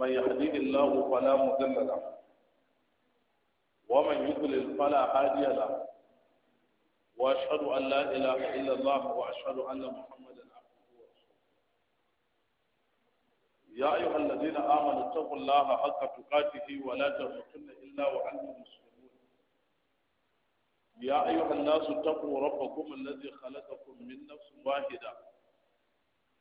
من يهديه الله فلا مضل له ومن يضلل فلا هادي له واشهد ان لا اله الا الله واشهد ان محمدا عبده ورسوله يا ايها الذين امنوا اتقوا الله حق تقاته ولا تموتن الا وانتم مسلمون يا ايها الناس اتقوا ربكم الذي خلقكم من نفس واحده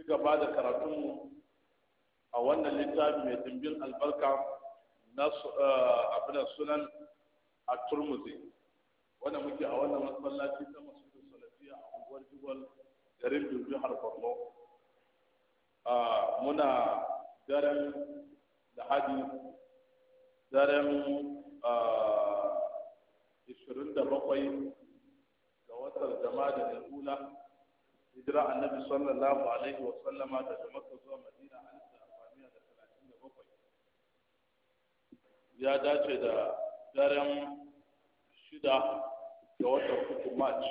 ci gaba da karatunmu a wannan littafi mai dimbin albarka na eh, abin sunan a turmuzi wanda muke a wannan masallaci ta masu salafiya a unguwar jubal garin dubi har borno ah, muna daren lahadi daren 27 ah, ga watan jama'a da ula hijira annabi sallallahu alaihi wa sallama daga makka zuwa madina alif da arba'in da talatin da bakwai ya dace da daren shida ga watan uku march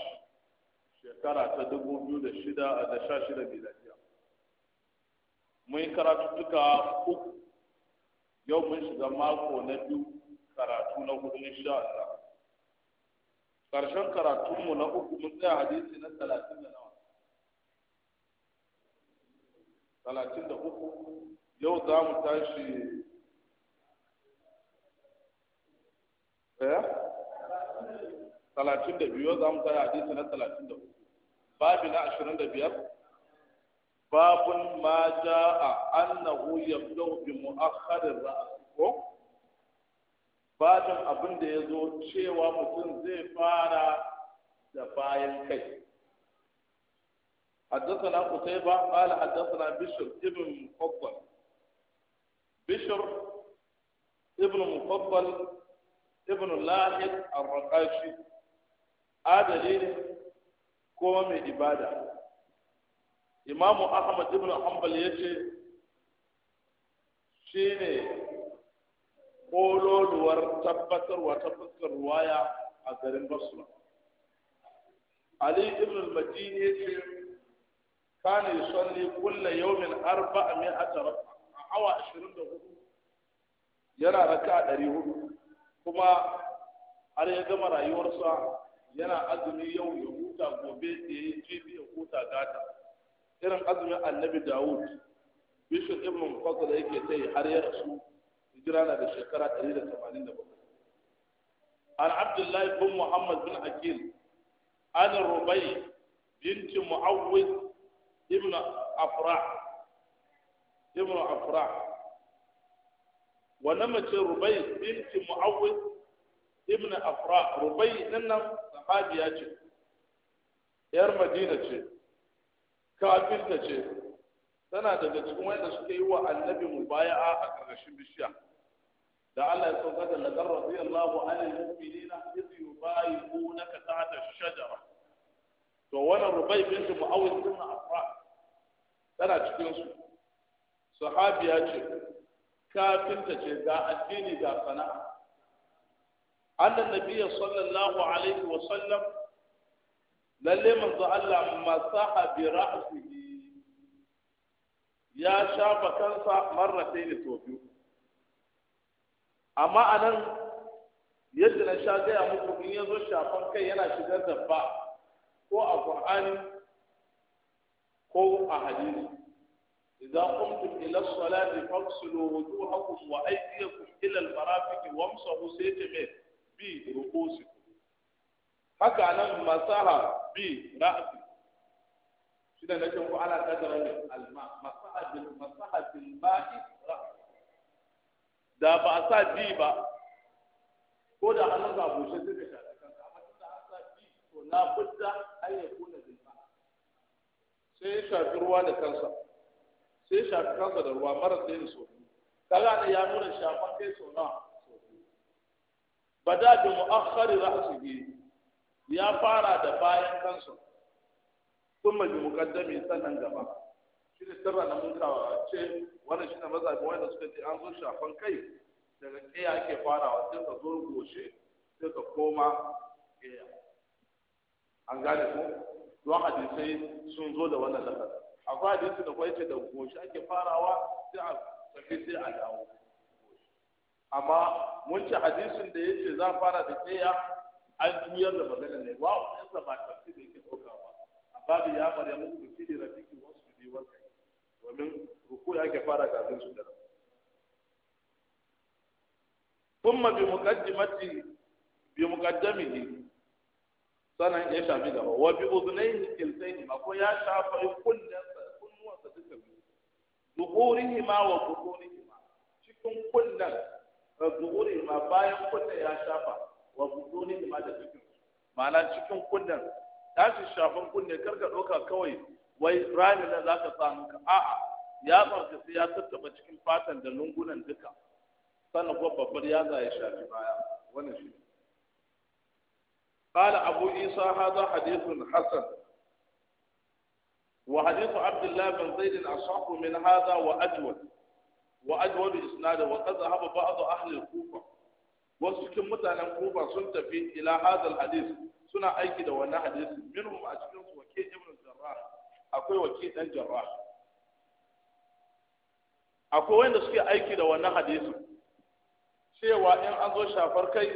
shekara ta dubu biyu da sha shida miladiya mun yi karatuttuka uku yau mun shiga mako na biyu karatu na hudu insha Allah karshen karatunmu na uku mun tsaya hadisi na talatin da nawa talatin da uku yau za mu tashi ɗaya eh? talatin da biyu za mu tashi hadisi na talatin da uku babi na ashirin da biyar babun ma ja'a annahu yabda'u bi mu'akhkharir ra's ko babin abin da ya zo cewa mutum zai fara da bayan kai حدثنا قتيبة قال حدثنا بشر ابن مفضل بشر ابن مفضل ابن لاحق الرقاشي هذا ليه كوم إبادة إمام أحمد ابن حنبل يجي شيني قولوا tabbatar wa ta fuskar ruwaya a garin Basra. Ali ibn kana yusalli kulla yawmin arba'a mi'ata raka a awa 24 yana raka 400 kuma har ya gama rayuwarsa yana azumi yau ya huta gobe da ya yi jibi ya huta gata irin azumin annabi dawud bishop ibn fadl yake ta yi har ya rasu hijira na da shekara 187 an abdullahi bin muhammad bin akil an rubai binti mu'awwid ibn afra ibn afra wannan mace rubai binti mu'awwid ibn afra rubai nan nan sahabiya ce yar madina ce kafirta ce tana daga cikin wanda suka yi wa annabi mubaya'a a ƙarƙashin bishiya da Allah ya sauka da lagar radiyallahu anil mu'minina iz yubayi'unaka tahta ash-shajara to wannan rubai binti mu'awwid ibn afra tana cikinsu sahabiya ce kafinta ce ga addini ga sana'a annan nabiya sallallahu alaihi wa sallam lalle manzo Allah masaha bi ra'sihi ya shafa kansa marratayn to biyu amma anan yadda na sha gaya muku in ya zo shafan kai yana shigar da ba ko a qur'ani ko a hadisi إذا قمتم إلى الصلاة فاغسلوا وجوهكم وأيديكم إلى المرافق وامسحوا سيتمين برؤوسكم haka nan masaha bi ra'si shi da nake ku ana kadara ne masaha da ba a sa bi ba ko da hannun ka bushe ka shafa kanka amma tunda a sa bi to na budda ayyukuna sai ya shafi ruwa da kansa sai ya shafi kansa da ruwa mara sai da so kaga ne ya nuna shafan kai so na bada bi mu'akhkhari ra'sihi ya fara da bayan kansa kuma bi muqaddami sanan gaba shi ne sirra na mun kawo ce wannan ne mazabi wanda suka ce an zo shafan kai daga ɗaya ake farawa sai ka zo goshe sai ka koma ɗaya an gane ko don hadisai sun zo da wannan lafaz akwai hadisi da kwaice da goshi ake farawa sai a tafi sai a dawo amma mun ci hadisin da yace za fara da tsaya an juyar da magana ne wa wannan ba tafi da yake ɗauka ba babu ya fara mu da fili rafiki wasu bi wata domin ruku ya ke fara kafin su da ثم بمقدمته بمقدمه sannan ya shafi gaba wa bi udunayhi kilsaini ma ko ya shafa kullansa kunnuwansa duka biyu zuhurihi ma wa butunihi ma cikin kullan zuhurihi ma bayan kullan ya shafa wa butunihi ma da cikin ma'ana cikin kullan tashi shafan kunne ka ɗauka kawai wai rami da za ka samu ka. a'a ya farka sai ya tattaba cikin fatan da lungunan duka sannan kuma babbar yaza ya shafi baya wannan shi قال أبو عيسى هذا حديث حسن وحديث عبد الله بن زيد أصح من هذا وأجود وأجود إسناده وقد ذهب بعض أهل الكوفة وسكن متعلم كوفة سنت في إلى هذا الحديث سنة أيكي دوانا حديث منهم أجلس وكي ابن الجراح أقوي وكي ابن الجراح أقوي وين سكي أيكي دوانا حديث cewa in an zo shafar kai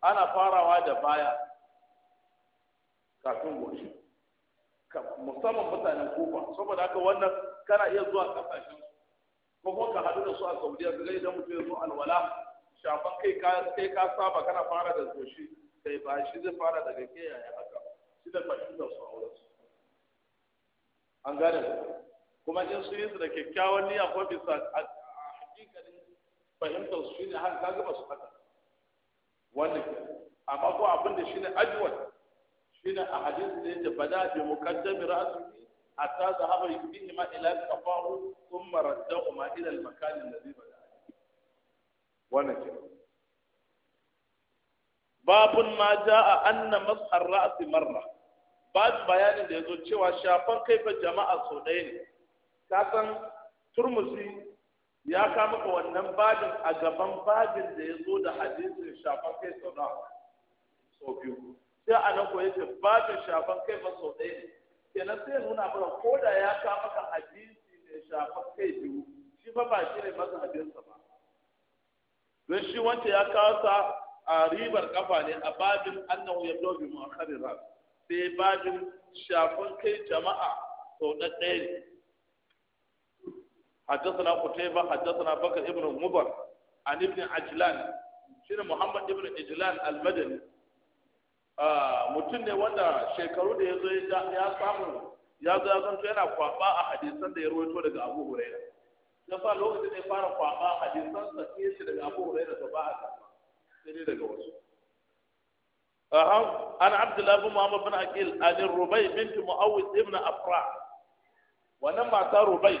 ana farawa da baya kafin goshi musamman mutanen kufa saboda haka wannan kana iya zuwa kasashen ko kuma ka haɗu da su a saudiya ka ga idan mutum ya zo alwala shafan kai ka kai ka saba kana fara da goshi kai ba shi zai fara daga ke yaya haka shi da fashin da su a wurinsu su an gane kuma in su yi su da kyakkyawan niyya ko bisa a hakikalin fahimtar su shi ne haka ka gaba su haka wannan amma ko abin da shine ajwal shine a hadisi da bada bi mukaddami ra'sihi hatta zahaba bihi ma ila kafahu thumma raddahu ma ila al-makan alladhi bada wannan ke babun ma jaa anna mas'ar ra's marra babin bayanin da yazo cewa shafan kai fa jama'a so ɗaya ne ka san turmusi ya ka maka wannan babin a gaban babin da ya zo da hadisin shafan kai sau na sau biyu sai a nan kuwa yake babin shafan kai ba sau ɗaya ne kenan sai nuna mana ko da ya ka maka hadisi mai shafan kai biyu shi fa ba shi ne masa hadinsa ba don shi wanda ya kawo sa a ribar kafa ne a babin annahu yabdo bi mu'akhkharin sai babin shafan kai jama'a sau na ɗaya ne حدثنا قتيبة حدثنا بكر ابن مضر عن ابن عجلان شنو محمد ابن عجلان المدني mutum ne wanda shekaru da ya zo ya zanto yana kwaba a hadisan da ya rawaito daga Abu Huraira ya sa lokacin da ya fara kwaba a hadisan sa shi daga Abu Huraira da ba a sai daga wasu أنا عبد الله بن محمد بن عقيل عن الربيع بنت معوذ ابن أفراح ولما ترى ربيع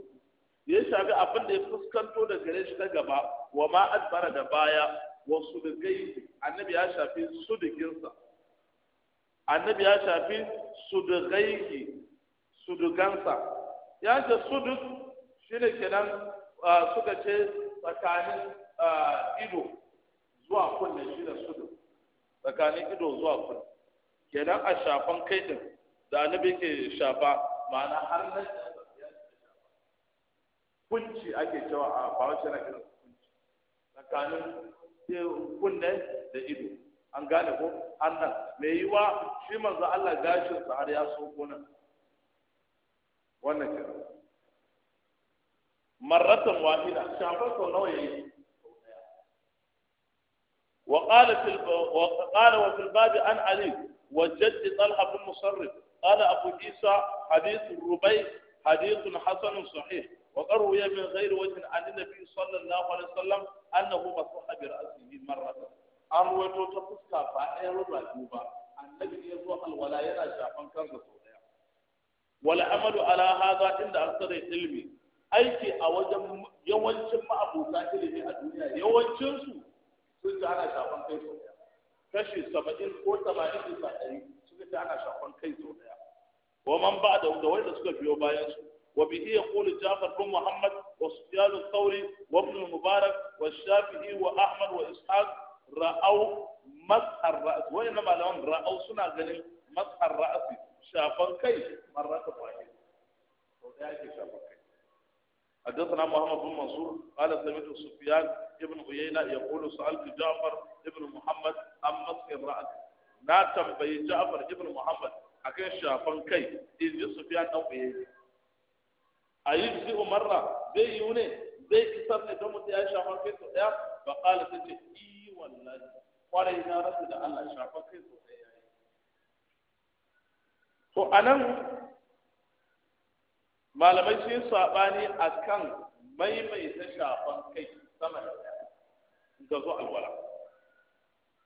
da ya shafi abin da ya fuskanto da gare shi na gaba wa ma adbara da baya wa sudugai annabi ya shafi suduginsa annabi ya shafi da gansa. ya ce da shi ne kenan suka ce tsakanin ido zuwa kunne shi da da tsakanin ido zuwa kunne kenan a shafan kai din da annabi ke shafa ma'ana har nan kunci ake cewa a bawace na kiran kunci tsakanin kunne da ido an gane ko annan mai wa? shi manzo Allah gashin sa har ya so wannan kiran marratan wahida shafar sau nawa yayi وقال في وقال وفي الباب عن علي وجد طلحه بن مصرف قال ابو عيسى حديث الربيع حديث حسن صحيح وقد روي من غير وجه عن النبي صلى الله عليه وسلم انه مسح براسه مره an ruwaito ta fuska ba ɗaya ruba biyu ba annabi ya zo alwala yana shafan kansa sau ɗaya wal amalu ala hadha inda aksara ilmi aiki a wajen yawancin ma'abuta ilimi a duniya yawancin sun ji ana shafan kai sau ɗaya kashi saba'in ko saba'in bisa ɗari suka ji ana shafan kai sau ɗaya ba da wanda suka biyo bayan su وبه يقول جعفر بن محمد وسفيان الثوري وابن المبارك والشافعي واحمد واسحاق راوا مسح الراس وانما لهم راوا سنة غني مسح الراس شافن كي مرة واحدة حدثنا محمد بن منصور قال سمعت سفيان ابن عيينة يقول سألت جعفر ابن محمد عن مسح الرأس لا تنبي جعفر ابن محمد أكن شافن كي إذ سفيان أو عيينة a yi umarra zai yi wune, zai isar ne don mutum ya shafa kai sau ɗaya ba ƙala ta ce i wallahi kwarai na rasu da Allah shafa kai sau ɗaya to a nan malamai sun saɓani a kan maimaita shafan kai sama da ɗaya ga zo alwala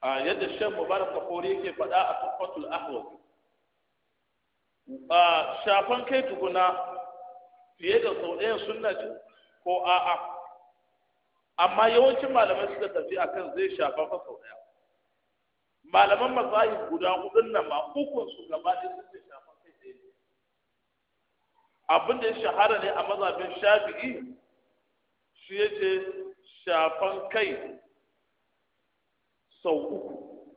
a yadda shan mubarak kafori yake faɗa a tukwatul ahwaz shafan kai tukuna fiye da sau ɗayan sunna ce ko a'a amma yawancin malamai suka tafi akan zai shafa fa sau ɗaya malaman mazahib guda hudun nan ma hukun su gaba ɗaya sun ce shafa kai ɗaya abin da ya shahara ne a mazhabin shafi'i shi ya ce shafan kai sau uku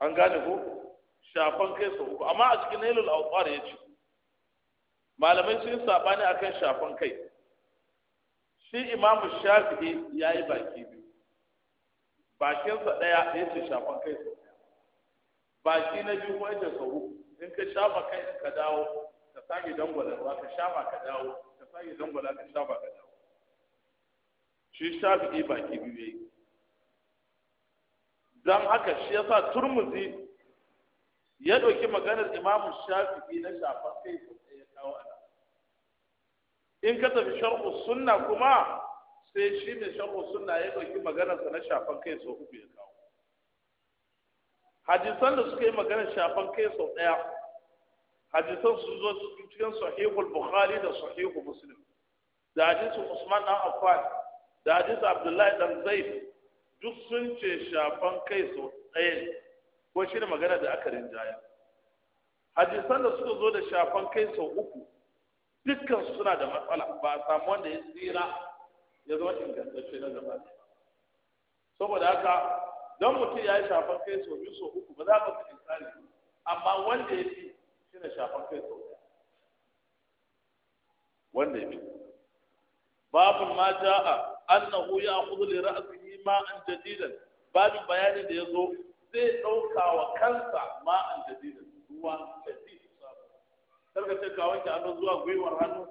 an gane ko shafan kai sau uku amma a cikin nailul autsar ya ce malamai sun sabani akan shafan kai shi imamu shafi'i ya yi baki biyu bakinsa ɗaya ya ce shafan kai sau baki na biyu kuma ya sau in ka shafa kai ka dawo ka sake dangwala ruwa ka shafa ka dawo ka sake dangwala ka shafa ka dawo shi shafi'i baki biyu ya yi don haka shi yasa turmuzi ya ɗauki maganar imamu shafi'i na shafan kai sau in ka tafi sharhu sunna kuma sai shi ne sharhu sunna ya ɗauki maganarsa na shafan kai sau uku ya kawo hadisan da suka yi magana shafan kai sau ɗaya hadisan sun zo cikin sahihul bukhari da sahihul muslim da hadisin usman dan affan da hadisin abdullahi dan zaid duk sun ce shafan kai sau ɗaya ko shi ne magana da aka rinjaya hadisan da suka zo da shafan kai sau uku dukkan suna da matsala ba a samu wanda ya tsira ya zama ingantacce na gaba saboda haka don mutum ya yi shafan kai sau biyu sau uku ba za ka fi tsari amma wanda ya fi shi na shafan kai sau wanda ya fi Babu ma ja'a annahu kudu li ra'sihi ma'an jadidan babin bayanin da ya zo zai ɗauka wa kansa ma'an jadidan ruwa da zai su samu karka ce ka wanke hannu zuwa gwiwar hannu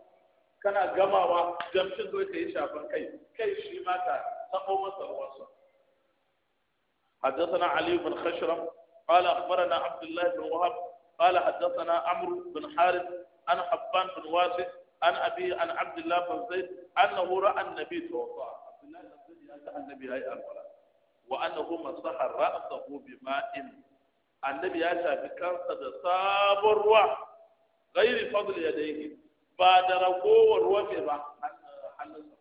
kana gamawa jamshin zo ka yi shafan kai kai shi ma ka sako masa ruwansa حدثنا علي بن خشرم قال اخبرنا عبد الله بن وهب قال حدثنا عمرو بن حارث عن حبان بن واسع عن ابي عن عبد الله بن زيد انه راى النبي توضا عبد الله بن زيد النبي هاي الولاء وانه مسح راسه بماء annabi ya shafi kansa da sabon ruwa gairi fadl ya dai ba da ragowar ruwa ne ba hannunsa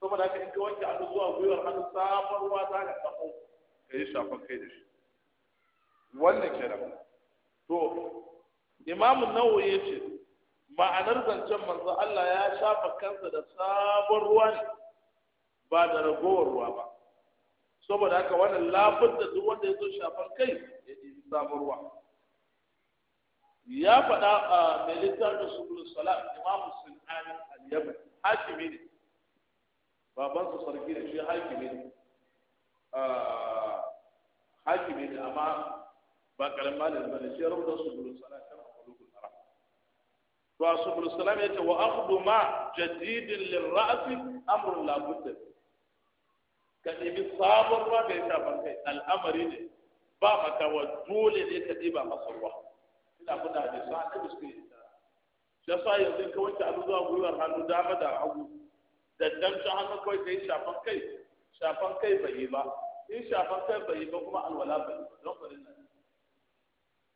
saboda haka in ka wanke hannu zuwa gwiwar hannu sabon ruwa za ka sako ka yi shafan kai da shi wannan kenan to imamu nawawi ya ce ma'anar zancen manzo Allah ya shafa kansa da sabon ruwa ne ba da ragowar ruwa ba saboda haka wannan lafin da duk wanda ya zo shafan kai ya zaburwa ya faɗa a mai su subul salam imam sultani al-yaman hakimi ne babansa sarki ne shi hakimi ne hakimi ne amma ba karamin malin ba ne shi ya rubuta subul salam kan akwai tara. to a subul salam ya ce wa akhdhu ma jadidin lirafi amrun la budda ka ɗebi sabon ruwa da ya shafa kai al'amari ne ba wa dole ne ka ɗiba masa ruwa ina kuna da su an taɓa suke shi yasa yanzu ka wanke abu zuwa gwiwar hannu dama da hagu da damshin hannun kawai ka yi shafan kai shafan kai bai yi ba in shafan kai bai yi ba kuma alwala bai yi ba don kwanin nan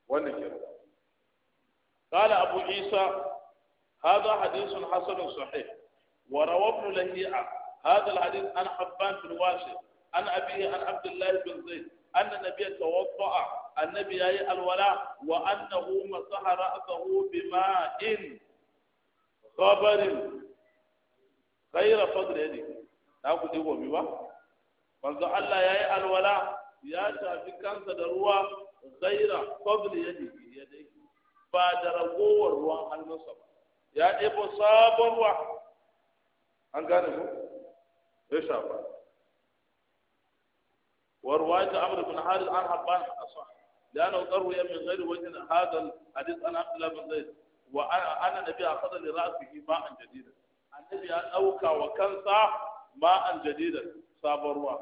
wannan ke قال أبو عيسى هذا حديث حسن صحيح وروى ابن لهيعة هذا الحديث عن حبان بن واشد عن أبيه عن عبد الله بن زيد أن النبي توضأ النبي أي الولاء وأنه مسح رأسه بماء خبر غير فضل يدي ناكو ديبو بيوا manzo Allah yayi alwala ya tafi kansa da ruwa ghaira fadl yadi yadi ba da ragowar ruwan hannunsa ya ɗebo sabon ruwa an gane ku ya shafa ورواية عمرو بن حارث عن حبان أصح لأنه تروي من غير وجه هذا الحديث عن عبد الله بن زيد وأنا النبي أخذ لرأسه ماء جديدا النبي أوكى وكنسى ماء جديدا صابروا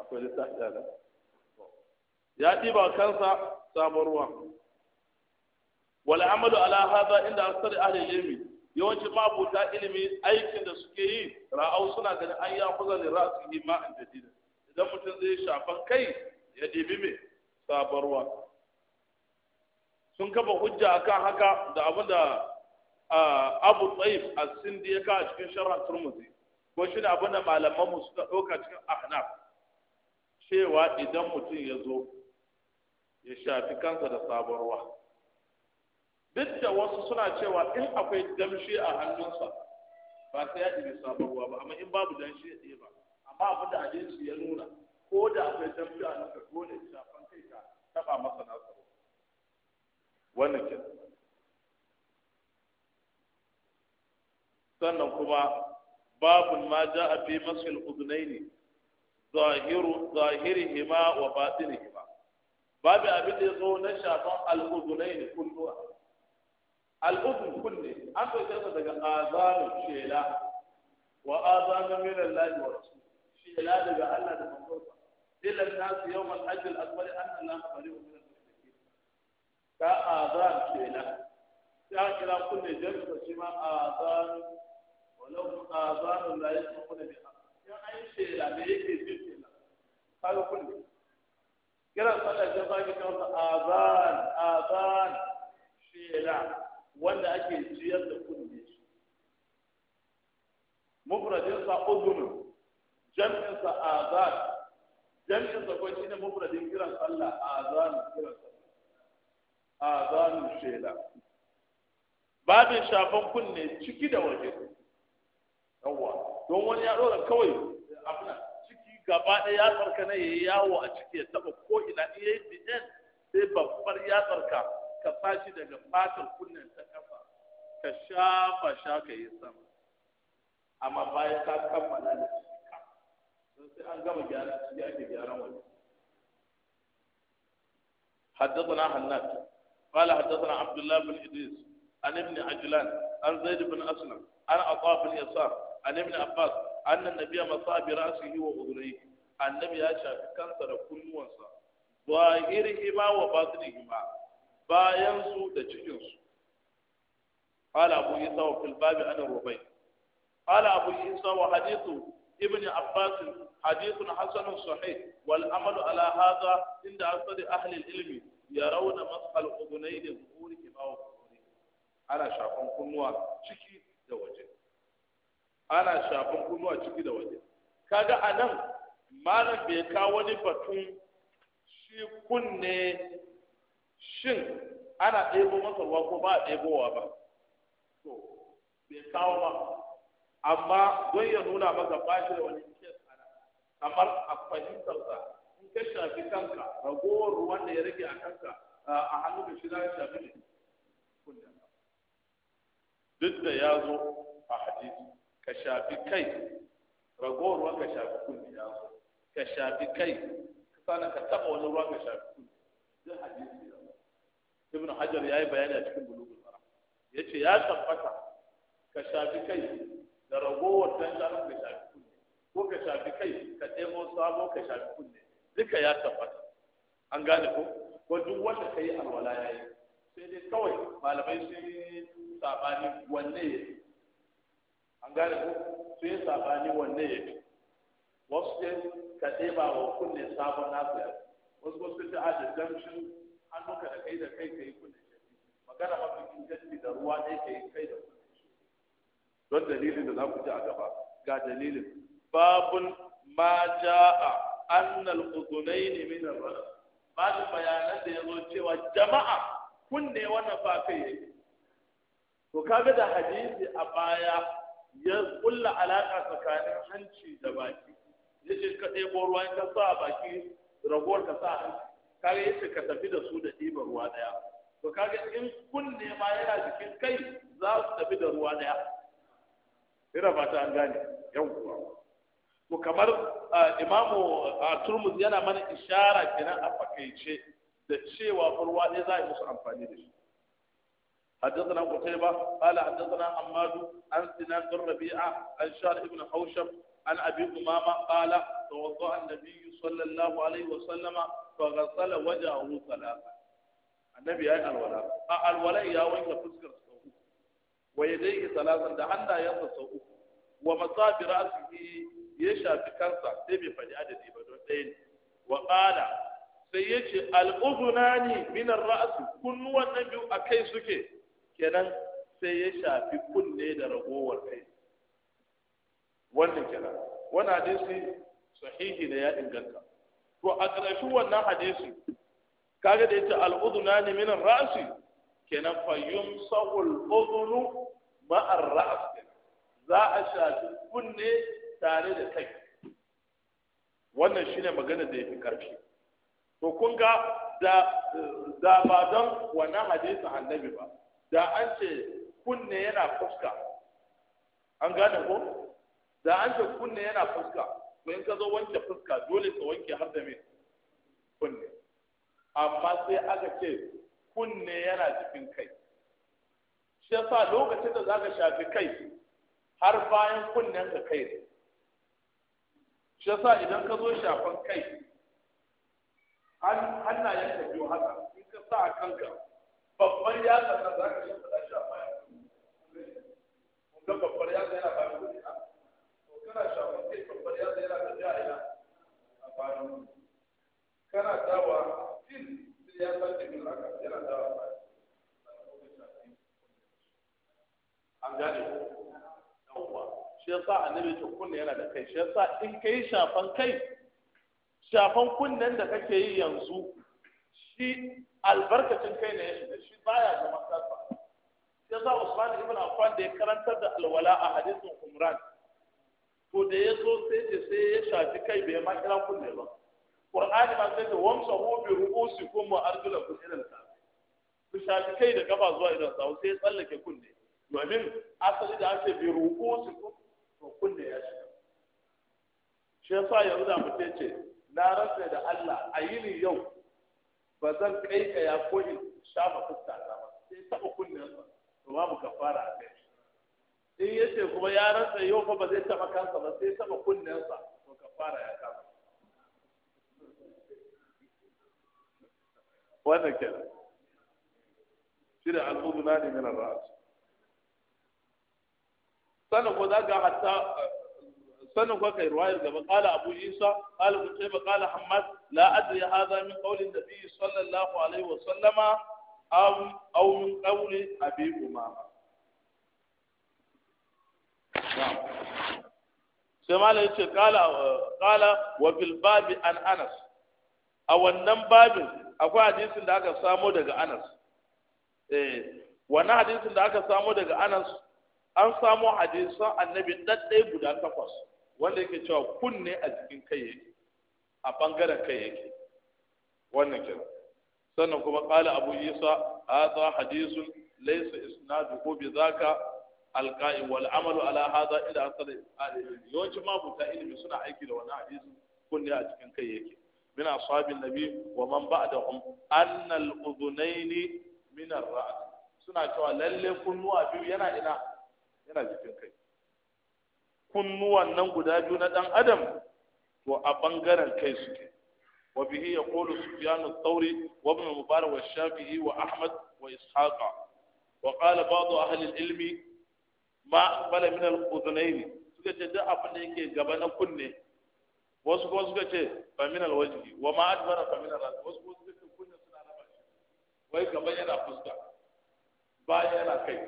akwai يا da ya ɗiba kansa sabon ruwa wal amalu ala hadha اليمين yawancin mabuta ilimi aikin da suke yi ra'au suna ganin an ya kuza ne ra'asu hima da jadida idan mutum zai shafan kai ya ɗibi mai sabarwa sun kafa hujja akan haka da abin da abu tsayif a sindi ya kawo cikin sharar turmuzi ko shi ne abin da malamanmu suka ɗauka cikin ahnaf cewa idan mutum ya zo ya shafi kansa da sabarwa duk da wasu suna cewa in akwai damshi a hannunsa ba sai ya ɗibi sabon ba amma in babu damshi ya ba, amma abin da shi ya nuna ko da akwai damshi a hannunsa dole shafan kai ta taɓa masa nasa wannan ke sannan kuma babu ma ja a fi masul udunaini zahirihima wa batinihima babu abin da ya zo na shafan al-udunaini kullum. al'udun kunne an ɗauke sa daga Azanu shela wa Azanu minan lahi wa rasu shela daga Allah da manzonsa ila nasu yau man ajil akbari an Allah ka bari wa minan ka azan shela sai an kira kunne jami'a shi ma azanin walau azanin la yake kuna bi in an yi shela me yake jin shela kaga kunne kiran sallar jama'a ke kawo azan azan shela wanda ake ciyar da kunne mufradin sa uzun jam'in sa azan jam'in sa kuma shine mufradin kiran sallah azan kiran sallah azan shela babin shafan kunne ciki da waje yawa don wani ya dora kawai abuna ciki gaba ɗaya ya tsarka na yayi yawo a ciki ya taba ko ina iya yi sai babbar ya tsarka ka fashi daga fatar kunnen ta kafa ka shafa shaka yi sama amma bayan ka kammala da shi don sai an gama gyara shi ke gyaran wani حدثنا حناد قال حدثنا عبد الله بن ادريس عن ابن عجلان عن زيد بن اسلم عن عطاء بن يسار عن ابن عباس ان النبي مصى براسه واذنيه النبي يا شافي كنسر كل وانسى ظاهرهما وباطنهما Bayan su da cikinsu ƙala abu isa wa filbabi anin rubai ƙala abu isa wa hadithu ibn abbas hadithun hasanun sahih wal amalu ala hadha inda asali ahli ilmi yarawna masqal udunay li zuhuri ma wa zuhuri ana shafan kunnuwa ciki da waje ana shafan kunnuwa ciki da waje kaga anan malam bai ka wani batun shi kunne shin ana ɗebo masa ruwa ko ba a ɗebowa ba to bai kawo ba amma don ya nuna maka ba shi da wani ana kamar a fahimtar sa in ka shafi kanka ragowar ruwan da ya rage a kanka a hannu da shi za ka shafi ne duk da ya zo a hadisi ka shafi kai ragowar ruwan ka shafi kun ya zo ka shafi kai sannan ka taɓa wani ruwan ka shafi kun. duk hadisi ibn hajar yayi bayani a cikin bulugul Ya yace ya tabbata ka shafi kai da ragowar dan adam ka shafi kunne ko ka shafi kai ka ɗebo sabo ka shafi kunne duka ya tabbata an gane ko ko duk wanda kai alwala yayi sai dai kawai malamai sun yi sabani wanne ya an gane ko sun yi sabani wanne ya fi wasu ne ka ɗeba wa kunne sabon nasu wasu wasu ta ajiye damshin hannunka da kai da kai ka yi kunne shafi magana mafi inganci da ruwa ne ka yi kai da kunne don dalilin da za ku ji a gaba ga dalilin babun ma ja'a annal uzunaini min ar-ras babun bayanan da yazo cewa jama'a kunne wannan fa kai yake to kaga da hadisi a baya ya kulla alaka tsakanin hanci da baki yace ka ɗebo ruwa in ka sa a baki ragowar ka sa hanci kaga yace ka tafi da su da ɗiban ruwa ɗaya to kaga in kunne ma yana jikin kai za su tafi da ruwa ɗaya ina fata an gane kuwa to kamar imamu a turmus yana mana ishara kenan a fakaice da cewa ruwa ne za a yi musu amfani da shi حدثنا قتيبة قال حدثنا حماد عن سنان بن ربيعة عن شار بن حوشب عن أبي أمامة قال توضأ النبي صلى الله عليه وسلم waje a wajahu Salama, annabi ya yi alwala a alwala ya wanke fuskar sau uku wa ya yadayhi salasan da hannayensa sau uku wa masabi ra'sihi ya shafi kansa sai bai faɗi adadi ba don ɗaya ne wa ƙada sai ya ce al'udunani min ar-ra's kunnuwan nan biyu a kai suke kenan sai ya shafi kunne da ragowar kai wannan kenan wannan hadisi sahihi da ya inganta to a ƙarshen wannan hadisi kaga da yace al'uduna ne min ar-ra's kenan fa yumsahu al'udunu ma ar-ra's za a shafi kunne tare da kai wannan shine magana da yake karfi to kun ga da da ba don wannan hadisi annabi ba da an ce kunne yana fuska an gane ko da an ce kunne yana fuska ko in ka zo wanke fuska dole ka wanke har da mai kunne amma sai aka ce kunne yana cikin kai shi yasa lokacin da za ka shafi kai har bayan kunnen ka kai ne shi yasa idan ka zo shafan kai hannayen ka biyu haka in ka sa a kanka babban yatsa na za ka shafa da shafa ga babbar yatsa yana bayan kuɗi to kana shafa ya shi yasa annabi kunne yana da kai shi yasa in kai shafan kai shafan kunnen da kake yi yanzu shi albarkacin kai ne ya shiga shi baya yasa Usman ibn Affan da ya karantar da alwala a hadisin Umran to da ya so sai ce sai ya shafi kai bai ma kira kunne ba qur'ani ma sai ta wamsa hu bi kum wa arjulakum ila al-ka'bah ku shafi kai da gaba zuwa idan sawu sai ya tsallake kunne domin asali da ake bi ru'usikum to kunne ya shiga shi yasa yanzu da mutum ce na rasa da Allah a yini yau ba zan kai ka ya ko in shafa fuska ba sai taba kunne ba to babu kafara a kai in ya ce kuma ya rasa yau fa ba zai taba kansa ba sai taba kunnensa to ka fara ya kama wannan ke shirin da na ne na ra'as ras sannan ko za ka hatta sannan ko kai ruwayar gaba kala abu isa qala ba kala hamad la adri hada min qawli nabi sallallahu alaihi wa sallama aw aw min qawli abi umama sai malam yace kala kala wa fil babi an anas a wannan babin akwai hadisin da aka samo daga anas eh wannan hadisin da aka samo daga anas an samo hadisin annabi daddai guda takwas wanda yake cewa kunne a jikin kai yake a bangaren kai yake wannan kenan sannan kuma kala abu isa hadha hadisun laysa isnaduhu bi zaka alqa'i wal amalu ala hadha inda asal yawanci mabuta ilimi suna aiki da wani hadisi kunne a cikin kai yake min ashabin nabi wa man ba'dahum anna al udhunayn min ar ra's suna cewa lalle kunnuwa biyu yana ina yana cikin kai kunnuwan nan guda biyu na dan adam to a bangaren kai suke وبه يقول سفيان الثوري وابن المبارك والشافعي وأحمد وإسحاق وقال بعض أهل العلم ma bala min al-udhunayn suka ce duk abin da yake gaba na kunne wasu kuma suka ce ba min al-wajhi wa ma adbara fa min al wasu kuma suka ce kunne suna raba shi wai gaba yana fuska ba yana kai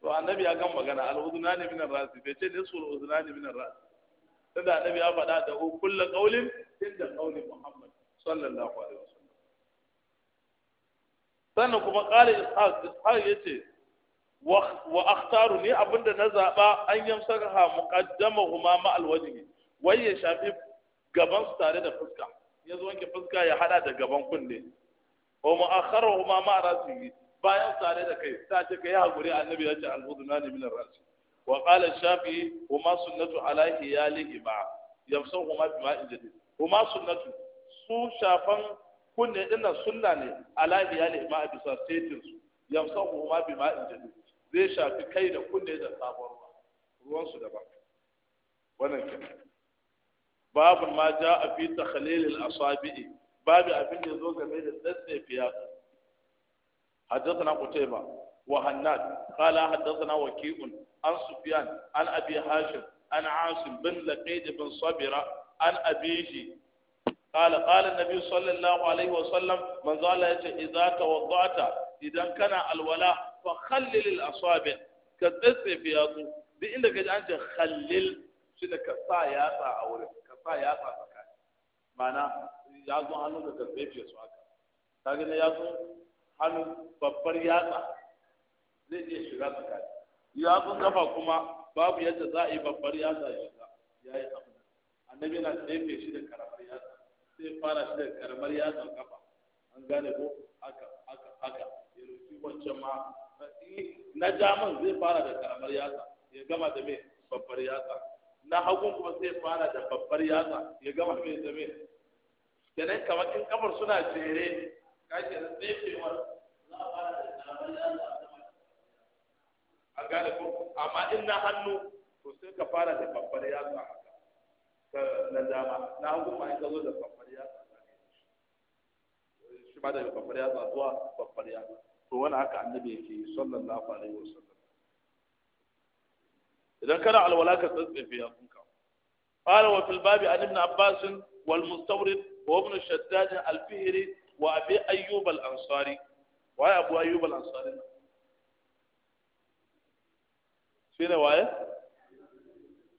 to annabi ya kan magana al-udhunani min al-ras bai ce nisul udhunani min al-ras tunda annabi ya faɗa da kullu qawlin inda qawli muhammad sallallahu alaihi wasallam sannan kuma qala ishaq ishaq yace wa akhtaru ni abinda na zaba an yamsaka huma ma alwajhi wai ya shafi gaban su tare da fuska ya zo wanke fuska ya hada da gaban kunne wa huma ma rasihi bayan tare da kai ta ce kai hakuri annabi ya ce al-udunani min ar-rasi wa qala shafi huma sunnatu ala hiyalihi ba bi ma jadid huma sunnatu su shafan kunne dinna sunna ne ala hiyalihi ba bisa setin su bi ma jadid zai shafi kai da kulle da sabon ruwansu daban babu ma ja a fi ta khalilil asabi'i babu abin da zo game da tsatsefi ya su haddasa kutaiba wa hannad kala haddasa na wakil an sufiyan an abi hashim an asim bin laqid bin sabira an abiji قال قال النبي صلى الله عليه وسلم من قال إذا توضعت إذا كان الولاء fa khallil al asabi ka tsatsefe yatsu duk inda ka ji an ce khallil shi ne yatsa a wurin ka yatsa tsakani ma'ana yatsun hannu da ka tsefe su haka ka gani hannu babbar yatsa zai iya shiga tsakani yatsun kafa kuma babu yadda za a yi babbar yatsa shiga ya yi abu annabi na tsefe shi da karamar yatsa sai fara shi da yatsa kafa an gane ko haka haka haka ya rufi wancan ma na jaman zai fara da karamar yatsa ya gama da mai babbar yatsa na hagun kuma zai fara da babbar yatsa ya gama mai da mai kenan kamar in kamar suna jere ka ke da tsefewar za a fara da karamar yatsa a gane ko amma in na hannu to sai ka fara da babbar yatsa ka na dama na hagun ma in ka zo da babbar yatsa shi ba da babbar yatsa zuwa babbar yatsa to wani haka annabi yake yi, sallallahu alaihi wasallam idan kana alwala ka tsatsefe ya kunka qala wa fil babi an ibn abbas wal mustawrid wa ibn shaddad al fihri wa abi ayyub al ansari wa abu ayyub al ansari shine waye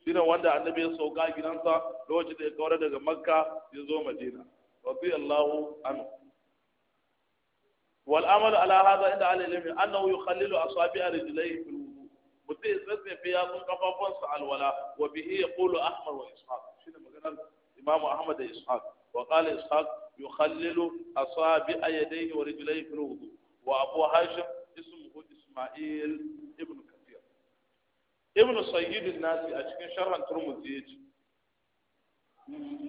shine wanda annabi ya sauka gidansa lokacin da ya kaura daga makka ya zo madina radiyallahu anhu wal amal ala hadha inda ahli ilmi annahu yukhallilu asabi rijlaihi fil wudu mutai tsatsa fi yatsun kafafun alwala wa bihi yaqulu ahmad wa ishaq shine maganar imam ahmad da ishaq wa qala ishaq yukhallilu asabi yadayhi wa rijlaihi fil wudu wa abu hashim ismuhu isma'il ibn kathir ibn nasi a cikin sharhan turmuzi yace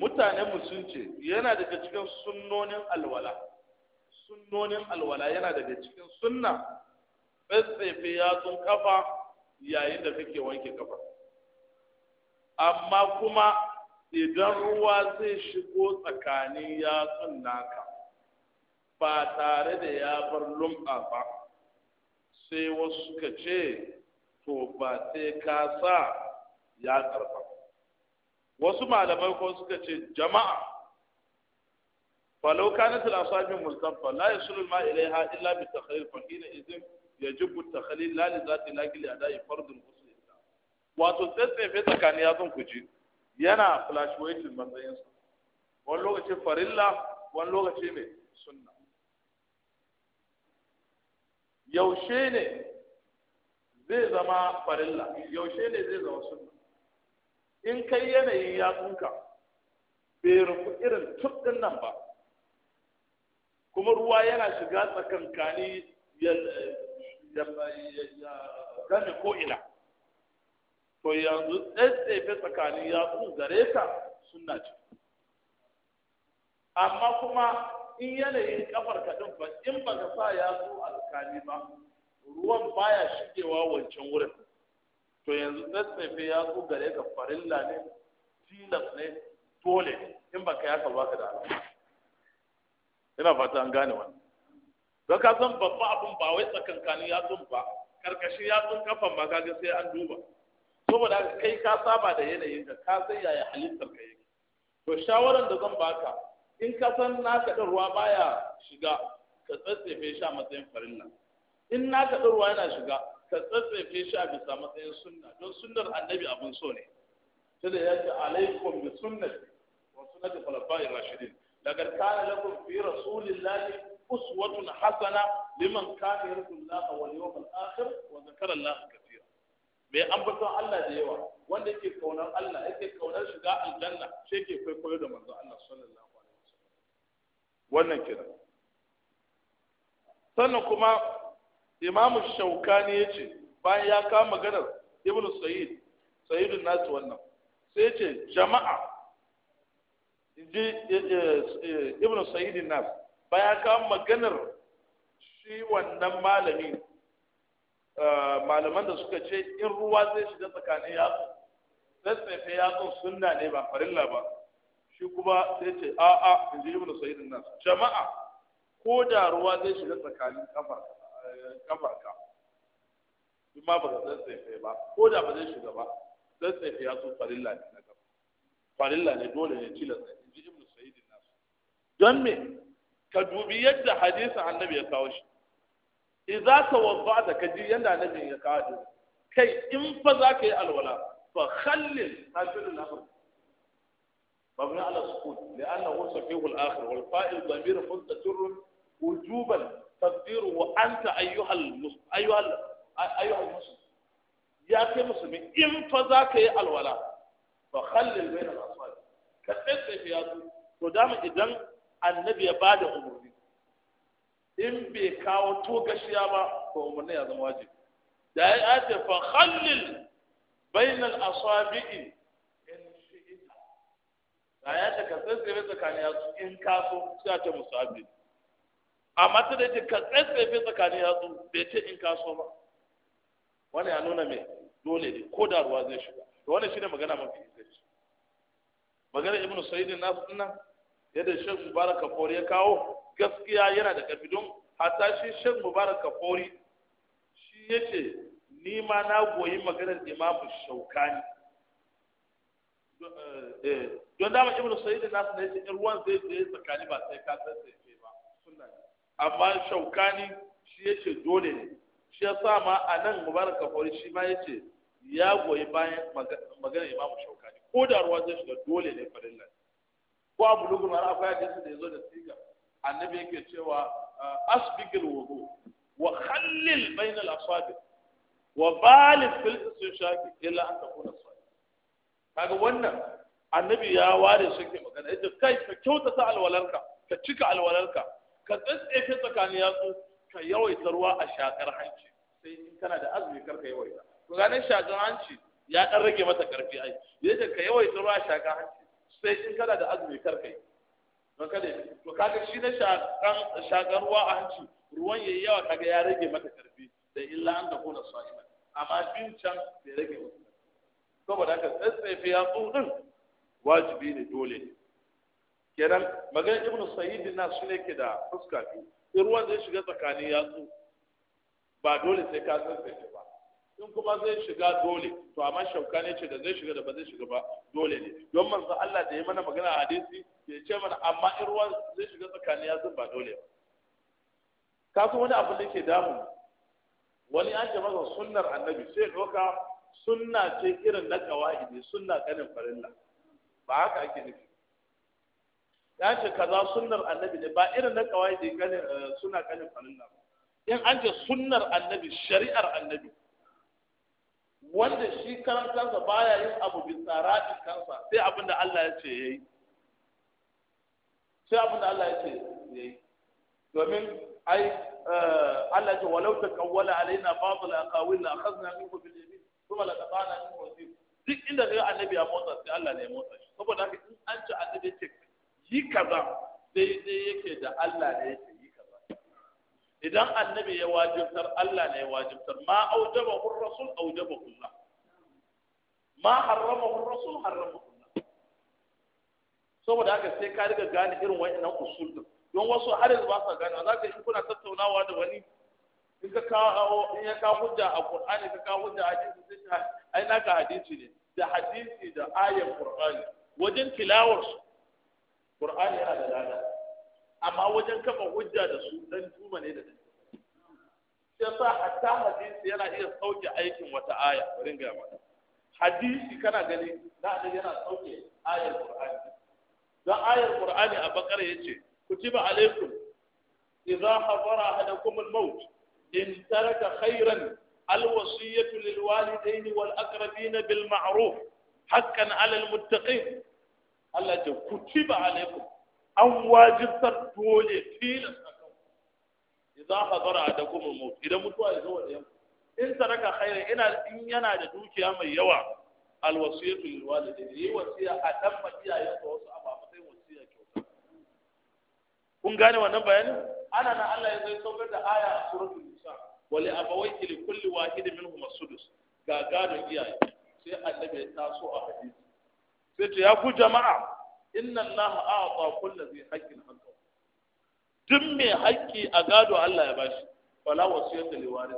mutane sun ce yana daga cikin sunnonin alwala sunnonin alwala yana daga cikin sunna tsaifin yatsun kafa yayin da kake wanke kafa amma kuma idan ruwa zai shigo tsakanin yatsun naka ba tare da ya bar lumba ba sai wasu suka ce to ba sai ka sa ya karba wasu malamai ko suka ce jama'a فلو كانت الأصابع ملتفة لا يصل الماء إليها إلا بالتخليل فحينئذ يجب التخليل لا لذات لكن لأداء فرض الغسل wato tsatsefe tsakaniyatun ku ji yana fluctuating matsayinsa wani lokaci farilla wani lokaci mai sunna yaushe ne zai zama farilla yaushe ne zai zama sunna in kai yanayin yatsunka bai rufu irin tuɗin nan ba kuma ruwa yana shiga tsakankani ya gane ko'ina to yanzu tsaifin tsakanin ya gare ka suna ce amma kuma in yanayin kafar kaɗin ba in ba ka sa yatsu a tsakani ba ruwan baya shigewa wancan wurin to yanzu ya yatsu gare ka farilla ne tilas ne dole in ba ka yaka ba ka da alaƙa Yana fata an gane wani. don ka san babba abun ba wai tsakankanin sun ba karkashin yatsun kafan ba kaga sai an duba saboda kai ka saba da yanayin ka ka san yaya halittar ka yake to shawaran da zan baka in ka san na kaɗa ruwa baya shiga ka tsatsefe shi a matsayin farin nan, in na kaɗa ruwa yana shiga ka tsatsefe shi a bisa matsayin sunna don sunnar annabi abin so ne sai da ya ce alaikum bi sunnati wa sunnati khulafa'ir rashidin لقد كان لكم في رسول الله أسوة حسنة لمن كان يرجو الله واليوم الآخر وذكر الله كثيرا mai ambaton Allah da yawa wanda yake kaunar Allah yake kaunar shiga aljanna shi yake kwaikwayo da manzo Allah sallallahu alaihi wasallam wannan kenan sannan kuma Imam Shaukani yace bayan ya kama maganar Ibn Sa'id Sa'idun wannan sai yace jama'a Inji eh, eh, eh, ibn sa'idin nas baya kawo maganar shi wannan malami malaman da suka ce in ruwa zai shiga tsakanin yatsu tsatsefe yatsu sunna ne ba farilla ba shi kuma sai ce a a inji ibn sa'idin nas jama'a ko da ruwa zai shiga tsakanin kafarka in ma ba ka tsatsefe ba ko da ba zai shiga ba tsatsefe yatsu farilla ne na farilla ne dole ne tilasta don me ka dubi yadda hadisin annabi ya kawo shi idza tawadda da ka ji yadda annabi ya kawo shi kai in fa za ka yi alwala fa khalli hasilul akhir mabni ala sukun li anna hu safihul akhir wal fa'il dhamir fa wujuban tadbiru wa anta ayyuhal ayyuhal ayyuhal muslim ya in fa za ka yi alwala fa khalli bainal aswad ka tsaye ya to da idan annabi ya bada umarni in bai kawo to gashiya ba ba umarni ya zama wajibi da ya ate fa khallil bainal asabi'i in shi'ita da ya ta kasance tsakanin yatsu in kaso sai ta musabi amma ta da ce ka tsatsefe tsakanin yatsu bai ce in kaso ba wani ya nuna mai dole ne ko da ruwa zai shiga to wannan shine magana mafi inganci magana ibnu sa'id na nan yadda shek mubarak kafori ya kawo gaskiya yana da ƙarfi don hatta shi shek mubarak kafori shi ya ce ni ma na goyi maganar imamu shaukani eh, don dama ibnu sa'id na su ne ce in ruwan zai je tsakani ba sai ka san sai ke ba sunna amma shaukani shi ya ce dole ne shi ya sa ma a nan mubarak kafori shi ma ya ce ya goyi bayan maganar imamu shaukani ko da ruwa zai shiga dole ne farilla ko a bulugun har akwai hadisi da ya zo da siga annabi yake cewa ah, asbigil wudu wa khallil bayna al-asabi wa balig fil istinshaqi illa an takuna sahih kaga wannan annabi ya ware shi ke magana yace kai ka kyautata alwalarka ka cika alwalarka ka tsatsefe tsakanin yatsu ka yawaita ruwa a shakar hanci sai in kana da azumi kar ka yawaita to ganin shakar hanci ya dan rage mata karfi ai yace ka yawaita ruwa a shakar hanci sai in kana da azumi kar kai don kada to kaga shi na shakan ruwa a hanci ruwan yayi yawa kaga ya rage mata karfi da illa an da kona sa'ima amma bin can bai rage ba saboda haka fi ya din wajibi ne dole kenan magana ibnu sayyid na su ne ke da fuska biyu in ruwan zai shiga tsakanin yatsu ba dole sai ka tsatsefe ba in kuma zai shiga dole to amma shauka ne ce da zai shiga da ba zai shiga ba dole ne don manzo Allah da ya mana magana a hadisi ya ce mana amma in ruwan zai shiga tsakani ya ba dole ba ka so wani abu da ke damu wani an ce maza sunnar annabi sai doka sunna ce irin na kawai sunna kanin farilla ba haka ake nufi ya ce kaza sunnar annabi ne ba irin na kawai kanin eh, suna kanin farilla in an ce sunnar annabi shari'ar annabi wanda shi karan kansa baya yin abu bisa raɗin kansa sai abin da Allah ya ce yayi sai abin da Allah ya ce yayi domin ai eh, Allah ya ce walau kawwala alaina ba'd al-aqawil la akhadna minhu bil yamin kuma la qatana minhu wasif duk inda ga annabi ya motsa sai Allah ne ya motsa shi saboda haka in an ci annabi ce yi kaza daidai yake da Allah ne yake idan annabi ya wajibtar Allah ne ya wajibtar ma aujaba hu rasul aujaba Allah ma hu rasul harramahu Allah saboda haka sai ka riga gane irin wayannan usul din don wasu har yanzu ba su gane za ka in kuna tattaunawa da wani in ka kawo in ya kawo hujja a Qur'ani ka kawo hujja a hadisi sai ai naka hadisi ne da hadisi da ayar Qur'ani wajen tilawar Qur'ani yana da lada amma wajen kafa hujja da su dan tuma ne da dan sai sa hatta hadisi yana iya sauke aikin wata aya bari ga mata hadisi kana gani da da yana sauke ayar qur'ani dan ayar qur'ani a bakara yace kutiba alaikum idza hadara ahadakum al-maut in taraka khairan الوصية للوالدين والأقربين بالمعروف حقا على المتقين الله كتب عليكم An واجب dole tilas akan idza hadara adakum al-maut idan mutuwa ya zo wa ɗayan in saraka khairan ina in yana da dukiya mai yawa alwasiyatu lil da yi wasiya a dan ya sa wasu abu sai matsayin wasiya kyauta kun gane wannan bayanin ana na Allah ya zai saukar da aya a suratul nisa wa li abawayhi li kulli wahidin minhum as-sudus ga gadon iyaye sai annabi ya taso a hadisi sai to ya ku jama'a inna Allah a'ta kulli dhi haqqin duk mai haƙƙi a gado Allah ya bashi wala wasiyar da liwaris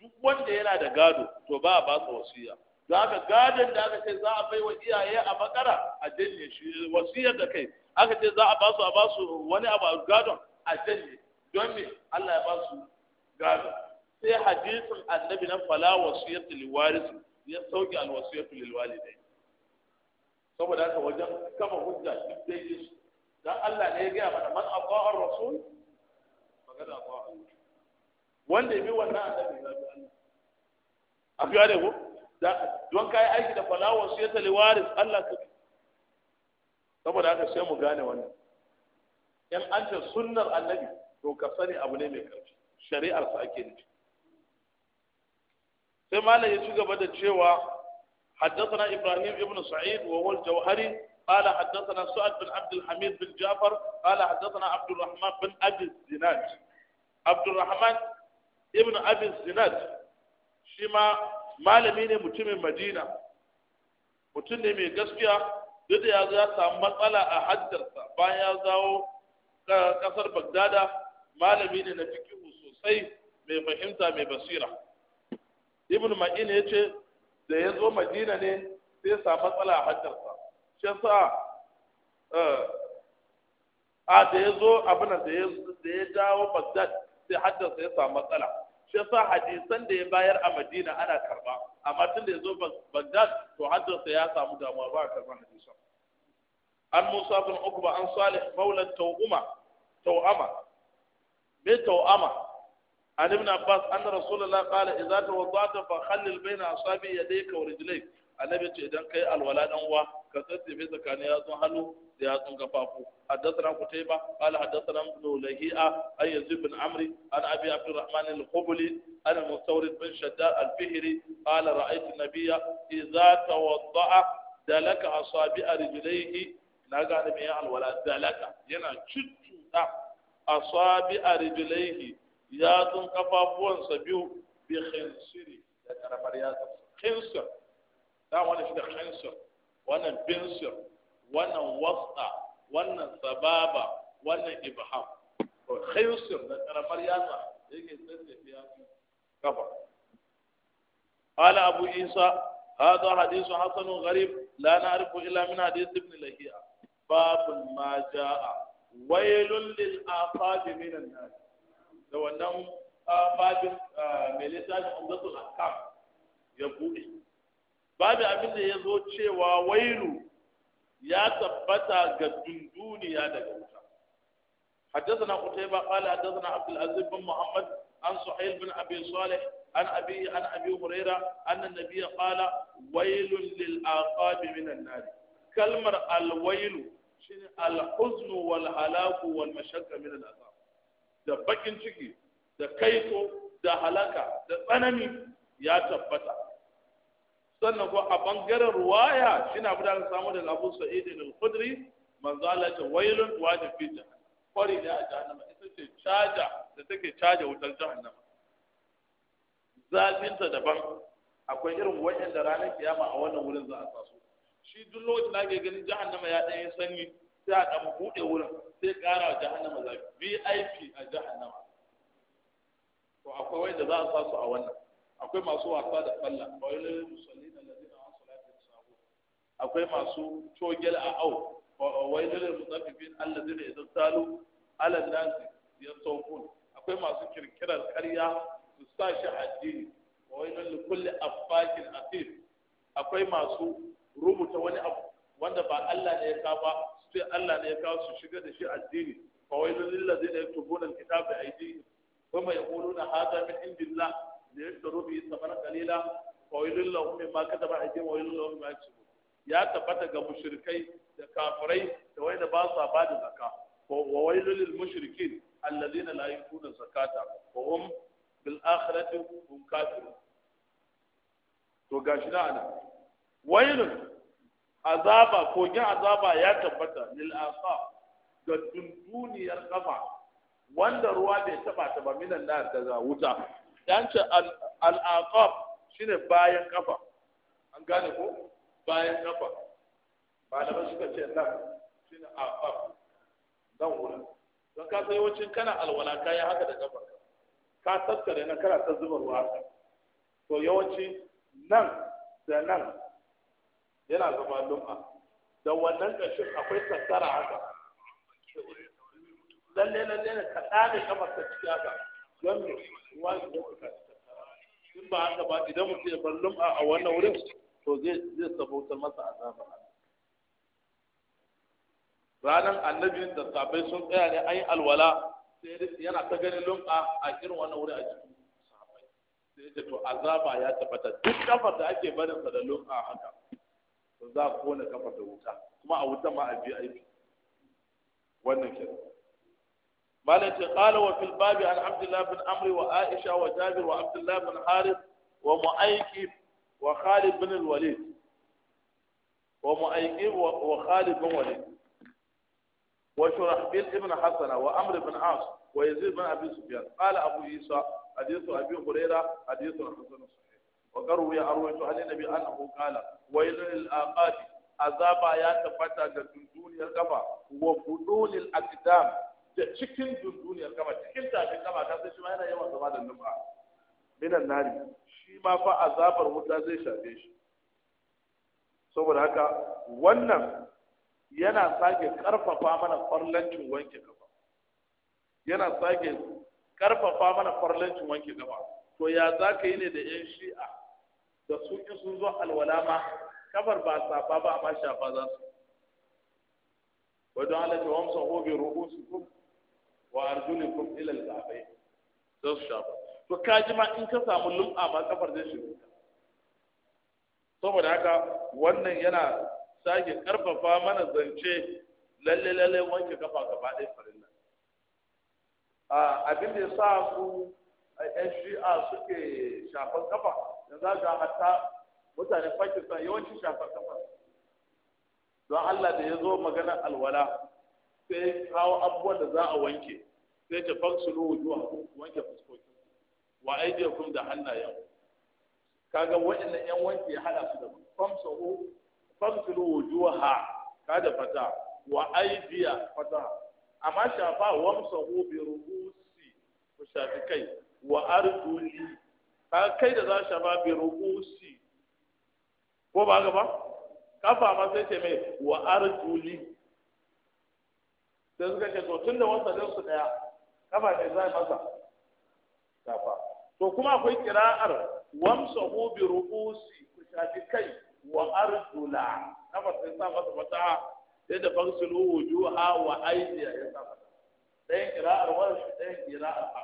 duk wanda yana da gado to ba a baka wasiya za ka gadon da aka ce za a bai wa iyaye a makara a janye shi wasiyar da kai aka ce za a basu a basu wani abu a gadon a janye don me Allah ya basu gado sai hadisin annabi na fala wasiyar da liwaris ya sauke alwasiyar da liwalidai saboda haka wajen kama hujja duk dai su dan Allah ne ya gaya mana man aqa'a ar-rasul faqad aqa'a wanda bi wannan annabi ya bi Allah a fiya da ko don kai aiki da su ya ta waris Allah ka saboda haka sai mu gane wannan in an ce sunnar annabi to ka sani abu ne mai karfi shari'ar sa ake nufi sai malam ya ci gaba da cewa حدثنا ابراهيم ابن سعيد وهو الجوهري قال حدثنا سعد بن عبد الحميد بن جعفر قال حدثنا عبد الرحمن بن أبي الزناد عبد الرحمن ابن أبي الزناد شما malami ne mutumin madina mutum ne mai gaskiya duk ya zo ya samu matsala a haddarsa bayan ya zawo kasar bagdada malami ne na fikihu sosai mai fahimta mai basira ibn ma'in ya ce da ya zo madina ne sai matsala a shi yasa eh, a da ya zo abin da ya dawo bagdad sai haddasa ya samu matsala shi yasa hadisan da ya bayar a Madina ana karba amma tun da ya zo bagdad to haddasa ya samu damuwa ba a karban hadisan an Musa bin Ukba an Salih maulan Tawuma Tawama me Tawama عن ابن عباس أن رسول الله قال إذا توضأت فخلل بين أصابع يديك ورجليك النبي إذا كي الولاد أنواه ka tsatsefe tsakanin yatsun hannu da yatsun kafafu حدثنا قتيبة قال حدثنا ابن لهيئة أن يزيد بن عمرو عن أبي عبد الرحمن الخبلي عن المستورد بن شداد الفهري قال رأيت النبي إذا توضأ دلك أصابع رجليه نجا نبي ولا دلك ينا تشتشتا أصابع رجليه ياتن كفافون سبيو بخنصري ذكر مريم خنصر لا وانا شد خنصر wannan binsir wannan wasta wannan sababa wannan ibham to khaysir da karamar yasa yake tsattafiya kafa قال أبو عيسى هذا حديث حسن غريب لا نعرف إلا من حديث ابن لهيعة باب ما جاء ويل للآقاب من الناس لو أنهم باب ملتاج عمدة الأحكام يبوئي babu abin da ya zo cewa wailu ya tabbata ga dunduniya daga wuta حدثنا قتيبة قال حدثنا عبد العزيز بن محمد عن سحيل بن أبي صالح عن أبي عن أبي هريرة أن النبي قال ويل للعقاب من النار كلمة الويل الحزن والهلاك والمشقة من العذاب da bakin ciki da kaito da halaka da tsanani ya tabbata sannan ko a bangaren ruwaya shine abu da aka samu daga Abu Sa'id al-Khudri manzo Allah ta wailun wa da fita kwari da jahannama ita ce caja da take caja wutar jahannama zafinta daban akwai irin da ranar kiyama a wannan wurin za a sasu shi duk lokacin da ke ganin jahannama ya ɗan yi sanyi sai a ɗan buɗe wurin sai ƙara wa jahannama zafi vip a jahannama to akwai wanda za a sasu a wannan akwai masu wasa da sallah ba musulmi akwai masu cogel a au wai dalil mutaffifin allazi da idan salu ala nasi ya saukun akwai masu kirkirar karya su sa shi a addini wa wai dalil a affakin asif akwai masu rubuta wani abu wanda ba Allah ne ya kawo ba ce Allah ne ya kawo su shiga da shi a addini fa wai dalil allazi da yaktubuna alkitab bi aydihim kuma na hadha min indillah liyashtaru bihi thamanan qalila fa wai ma kada mimma a aydihim wa wai dalil lahum mimma yaksubun ya tabbata ga mushrikai da kafirai da da ba su ba da zakka wa wailul lil mushrikin alladhina la yutuna zakata wa hum bil akhirati hum kafirun to gashi na ana wailul azaba kogin azaba ya tabbata lil asa ga dunduniyar kafa wanda ruwa bai taba ta ba minan nar daga wuta dan ce al aqab shine bayan kafa an gane ko bayan kafa malaman suka ce nan shi ne afaf nan wurin don ka sai yawancin kana alwala yi haka da kafa ka tattare na kana ta zuba ruwa haka to yawanci nan da nan yana zama lum'a da wannan ƙarshen akwai tattara haka lalle lalle ne ka tsare kamar ta ciki haka don ruwa ya tattara in ba haka ba idan mutum ya bar lum'a a wannan wurin to zai zai sabautar masa azaba Ranar annabi da sabai sun tsaya ne an yi alwala sai yana ta ganin lum'a a irin wannan wuri a jikin sabai sai ce to azaba ya tabbata duk kafar da ake barin sa da lum'a haka to za ku kona kafar da wuta kuma a wuta ma a bi aiki wannan Malam ce kenan مالك قال an الباب bin amri wa aisha wa jabir wa وعبد bin harith wa ومؤيكب wa bin al wa Mu'ayyib wa bin Walid wa Shurahbil ibn Hasan wa Amr bin As wa Yazid bin Abi Sufyan qala Abu Isa hadithu Abi Hurairah hadithu hasan sahih wa qaru ya arwaytu an nabi annahu qala waylul aqabi azaba ya tabbata ga dunduniyar kafa wa budulil aqdam da cikin dunduniyar kafa cikin tafin kafa ka sai shi ma yana yawan zama da nufa ma fa azabar wuta zai shafe shi saboda haka wannan yana sake karfafa mana farlancin wanke gaba yana sake karfafa mana farlancin wanke gaba to ya za ka yi ne da yan shi'a da su in sun zo alwala ma kafar ba safa ba amma shafa za su wajen halatta wamsa hobe ru'usukum wa arjulikum ila ilal kabayn za su shafa to ji ma in ka samu lum'a ma kafar zai shigo saboda haka wannan yana sake karfafa mana zance lalle lalle wanke kafa gaba ɗaya a abin da ya sa su yan shi'a suke shafan kafa za ga hatta mutane pakistan yawancin shafan kafa don allah da ya zo magana alwala sai kawo abubuwan da za a wanke sai ta fansu wujuwa wanke fuskoki wa aidiyakum da hannayen kaga wa'annan yan wanke ya hada su da famsahu famsilu wujuha kada fata wa aidiya fata amma shafa sahu bi rubusi ku shafi kai wa arduli ka kai da za shafa bi rubusi ko ba gaba kafa ma sai ce mai wa arduli sai suka ce to tunda wasa su daya kafa ne zai masa shafa to kuma akwai kira'ar wamsahu bi ru'usi ku shafi kai wa arjula na sai yasa masa fata sai da fagsulu wujuha wa aydiya ya sa Ɗayan dan kira'ar wa ɗayan kira'ar a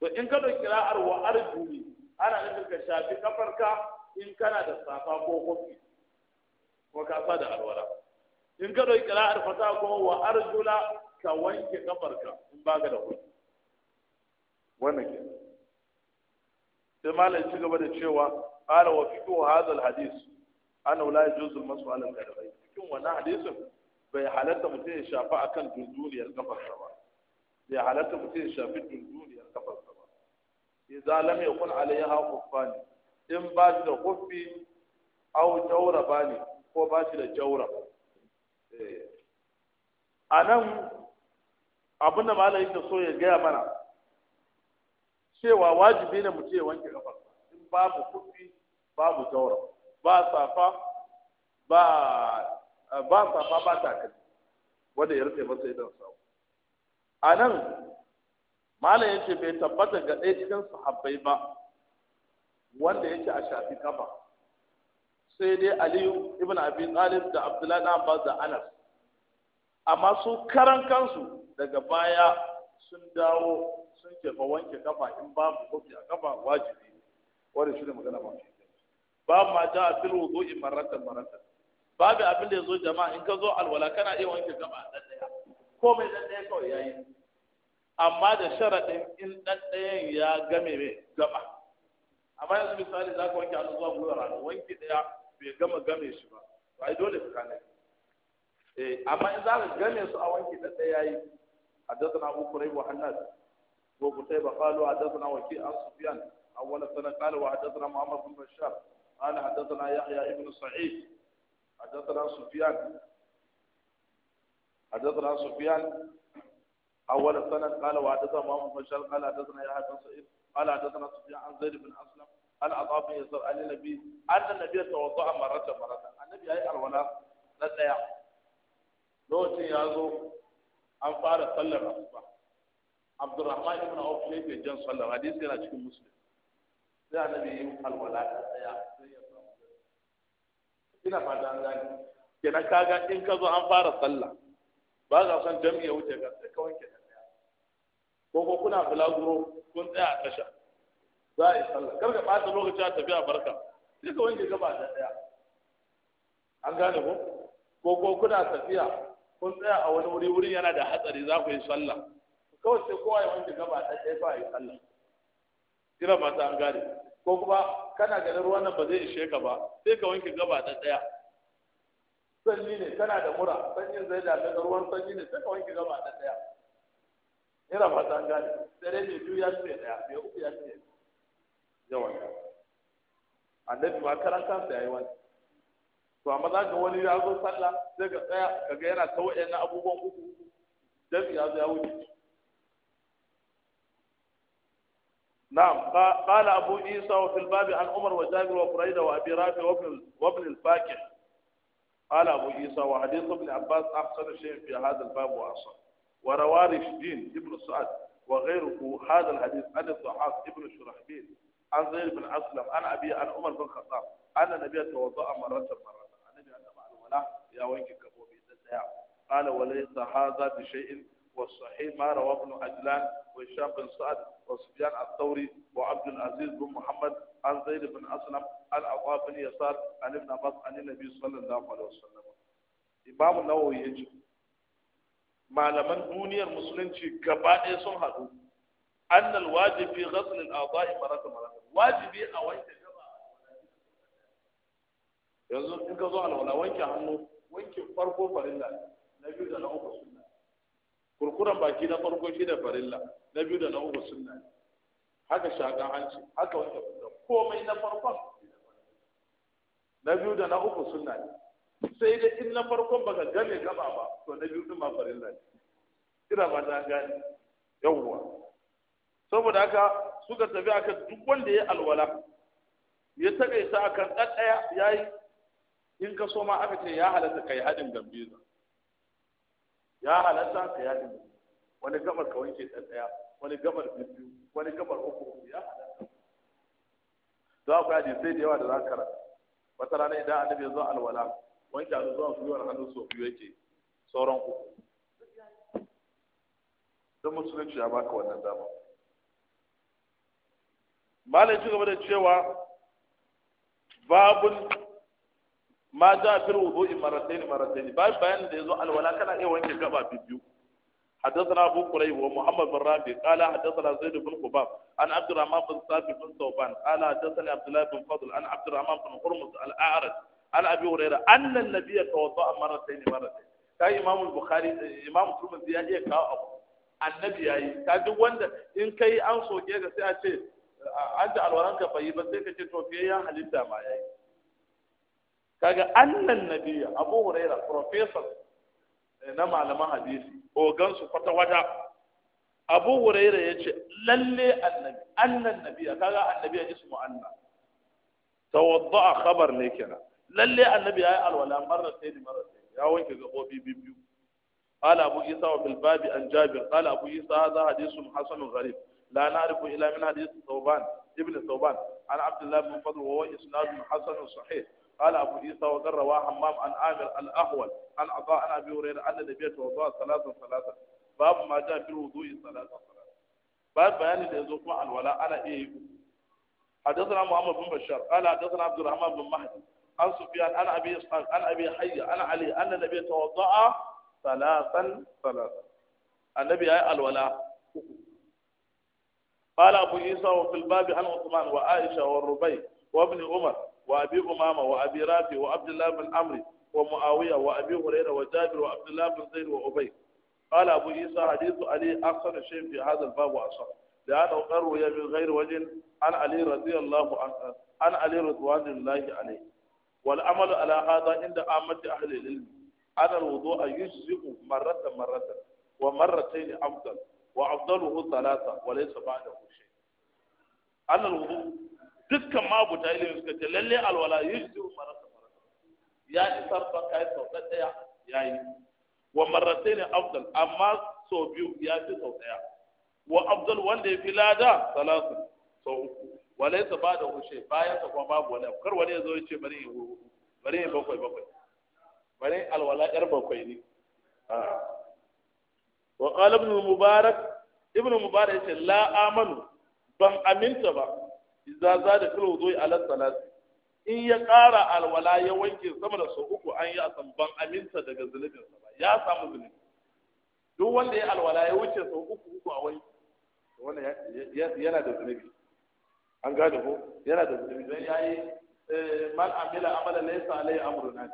to in ka dauki kira'ar wa arjuli ana nufin ka shafi kafarka in kana da safa ko kofi ko ka da alwala in ka dauki kira'ar fata ko wa arjula ka wanke kafarka in baka da kofi wannan kenan sai malam ci gaba da cewa qala wa fiqhu hadha alhadith ana la yajuz almasu ala alqadabain cikin wannan hadisin bai halatta mutum ya shafa akan dunduniyar kafarsa ba bai halatta mutum ya shafi dunduniyar kafarsa ba idza lam yakun alayha khuffani in ba shi da khuffi aw jawraba ne ko ba shi da jawraba eh. a nan abin da malamin so ya gaya mana cewa wajibi ne mu ya wanke kafa in babu kufi babu taura ba safa ba ba safa ba takalmi wanda ya rufe masa idan sawu a nan malam ya ce bai tabbata ga ɗaya cikin sahabbai ba wanda ya ce a shafi kafa sai dai aliyu ibn abi talib da abdullahi na abbas da anas amma su karan kansu daga baya sun dawo sun ce fa wanke kafa in babu kofi a kafa wajibi wani shi ne magana ba ba ma ja a filo in wudu'i marratan ba babu abin da ya zo jama'a in ka zo alwala kana iya wanke kafa a ɗanɗaya. Ko mai ɗanɗaya kawai ya yi. amma da sharaɗin in ɗanɗayan ya game mai gaba amma yanzu misali za ka wanke a zuwa mu rana wanke ɗaya bai gama game shi ba to ai dole ka kane eh, amma in za ka game su a wanke ya yi, a حدثنا ابو كريب وحناد وقتيبة قالوا حدثنا وكيع عن سفيان أول سنة قال وحدثنا محمد بن بشار قال حدثنا يحيى بن سعيد حدثنا سفيان حدثنا سفيان أول سنة قال وحدثنا محمد بن بشار قال حدثنا يحيى بن سعيد قال حدثنا سفيان عن زيد بن أسلم قال عطاء يسر يسار عن النبي أن النبي توضأ مرة مرة النبي أي الولاء لا يعلم لو تي أن فارق صلى وسلم Abdulrahman ibn auf shi ke jan sallar hadisi yana cikin muslim sai annabi yin alwala ta tsaya sai ya samu ina fata an gani kenan kaga in ka zo an fara sallah ba za son jami'i ya wuce ka sai ka wanke ta tsaya ko ko kuna bulaguro kun tsaya a tasha za a yi sallah kar ka ɓata lokaci a tafiya barka sai ka wanke gaba ta tsaya an gane ko ko kuna tafiya kun tsaya a wani wuri wuri yana da hatsari za ku yi sallah kawai sai kowa ya wanke gaba da ɗaya ba ya sallah ina ba ta an gane ko kuma kana ganin ruwan nan ba zai ishe ka ba sai ka wanke gaba da ɗaya sanyi ne kana da mura sanyin zai da ka ruwan sanyi ne sai ka wanke gaba da ɗaya ina ba ta an gane sai ne biyu ya ce ɗaya mai uku ya ce yawan annabi ma karan kansa ya yi wani to amma za ka wani ya zo sallah sai ka tsaya ka ga yana ta na abubuwan uku dan ya zo ya wuce نعم قال أبو عيسى وفي الباب عن عمر وجابر وفريدة وأبي رافع وابن, وابن الفاكح قال أبو عيسى وحديث ابن عباس أحسن شيء في هذا الباب وأصح وروى رشدين ابن سعد وغيره هذا الحديث عن الضحاك ابن شرحبيل عن زيد بن أسلم عن أبي عن عمر بن الخطاب أن النبي توضأ مرة مرة النبي أن معلوم له يا وينك كفو بإذن الله قال وليس هذا بشيء والصحيح ما رواه ابن عجلان وهشام بن سعد وسفيان الثوري وعبد العزيز بن محمد عن زيد بن اسلم عن عطاء بن يسار عن ابن عباس عن النبي صلى الله عليه وسلم امام النووي يجي malaman duniyar musulunci gaba ɗaya sun haɗu annal wajibi ghasl al-a'dha'i marata marata wajibi a wanke gaba yanzu in ka zo alwala wanke hannu wanke farko farilla na biyu da na uku Kurkuran baki na farko shi da farilla na biyu da na uku sunna haka shakan hanci haka wanda komai na farkon na biyu da na uku sunna sai da in na farkon baka gane gaba ba to na biyu din ma farilla ne ina ba ta gane yawwa saboda haka suka tafi aka duk wanda ya alwala ya taƙaita akan ɗan ɗaya yayi in ka so ma aka ce ya halatta kai haɗin gambiza ya halatta ka yaɗi wani gabar ka wanke ɗan ɗaya wani gabar biyu wani gabar uku ya halatta to akwai sai da yawa da za ka karanta wata rana idan annabi ya zo alwala wanke hannu zuwa gwiwar hannu sau biyu yake sauran uku don musulunci ya baka wannan dama malam ci gaba da cewa babun ma ja fil wudu'i marratayn marratayn ba bayan da yazo alwala kana iya wanke gaba biyu حدثنا أبو قريب ومحمد بن رابي قال حدثنا زيد بن قباب عن عبد الرحمن بن صابر بن ثوبان قال حدثني عبد الله بن فضل عن عبد الرحمن بن حرمز الأعرج عن أبي هريرة أن النبي توضأ مرتين مرتين كان إمام البخاري إمام ترمذي يا كاو أبو annabi yayi ka duk wanda in kai an soke ka sai a ce an ji alwaran ka bai ba sai ka ce to fiye ya halitta ma yayi kaga annan nabiya abu huraira professor eh, na malaman hadisi ogan su kwata wata abu huraira ya ce lalle annabi annan nabiya kaga annabiya ismu anna tawadda'a khabar ne kenan lalle annabi ya yi alwala marar sai da marar sai ya wanke gabobi biyu قال أبو عيسى وفي الباب عن جابر قال أبو عيسى هذا حديث حسن غريب لا نعرف إلا من حديث ثوبان ابن ثوبان عن عبد الله بن فضل وهو إسناد حسن صحيح قال أبو عيسى وقال رواه حمام عن عامر الأهول عن عطاء عن أبي هريرة أن النبي توضأ ثلاثا ثلاثا باب ما جاء في الوضوء ثلاثا ثلاثا باب بيان الإذوق مع الولاء أنا إيه حدثنا محمد بن بشار قال حدثنا عبد الرحمن بن مهدي عن سفيان عن أبي إسحاق عن أبي حي عن علي أن النبي توضأ ثلاثا ثلاثا النبي أي الولاء قال أبو عيسى وفي الباب عن عثمان وعائشة والربيع وابن عمر وأبي أمامة وأبي رافع وعبد الله بن عمرو ومعاوية وأبي هريرة وجابر وعبد الله بن زيد وأبي قال أبو عيسى حديث علي أحسن شيء في هذا الباب وأصح لأنه قروي من غير وجه عن علي رضي الله عنه عن علي رضوان الله عليه والعمل على هذا عند عامة أهل العلم أن الوضوء يجزئ مرة مرة ومرتين أفضل وأفضله ثلاثة وليس بعده شيء أن الوضوء dukkan mabuta ilimi suka ce lalle alwala yuzu marasa marasa ya isar fa kai sau ɗaya ya yi wa ne afdal amma sau biyu ya fi sau ɗaya. wa afdal wanda ya fi lada salasa sau uku walaisa ba da hushe bayan sa kuma babu wani kar wani ya zo ya ce bari ya huru bari ya bakwai bakwai bari alwala yar bakwai ne ah. wa qala ibn mubarak ibn mubarak ya ce la amanu ban aminta ba Iza za da fil wudu'i ala salati in ya ƙara alwala ya wanke sama da sau uku an yi asamban aminta daga zunubin sa ya samu zunubi duk wanda ya alwala ya wuce sau uku uku a wani wannan yana da zunubi an gane ko yana da zunubi don ya yi eh, man amila amala laysa alayhi amruna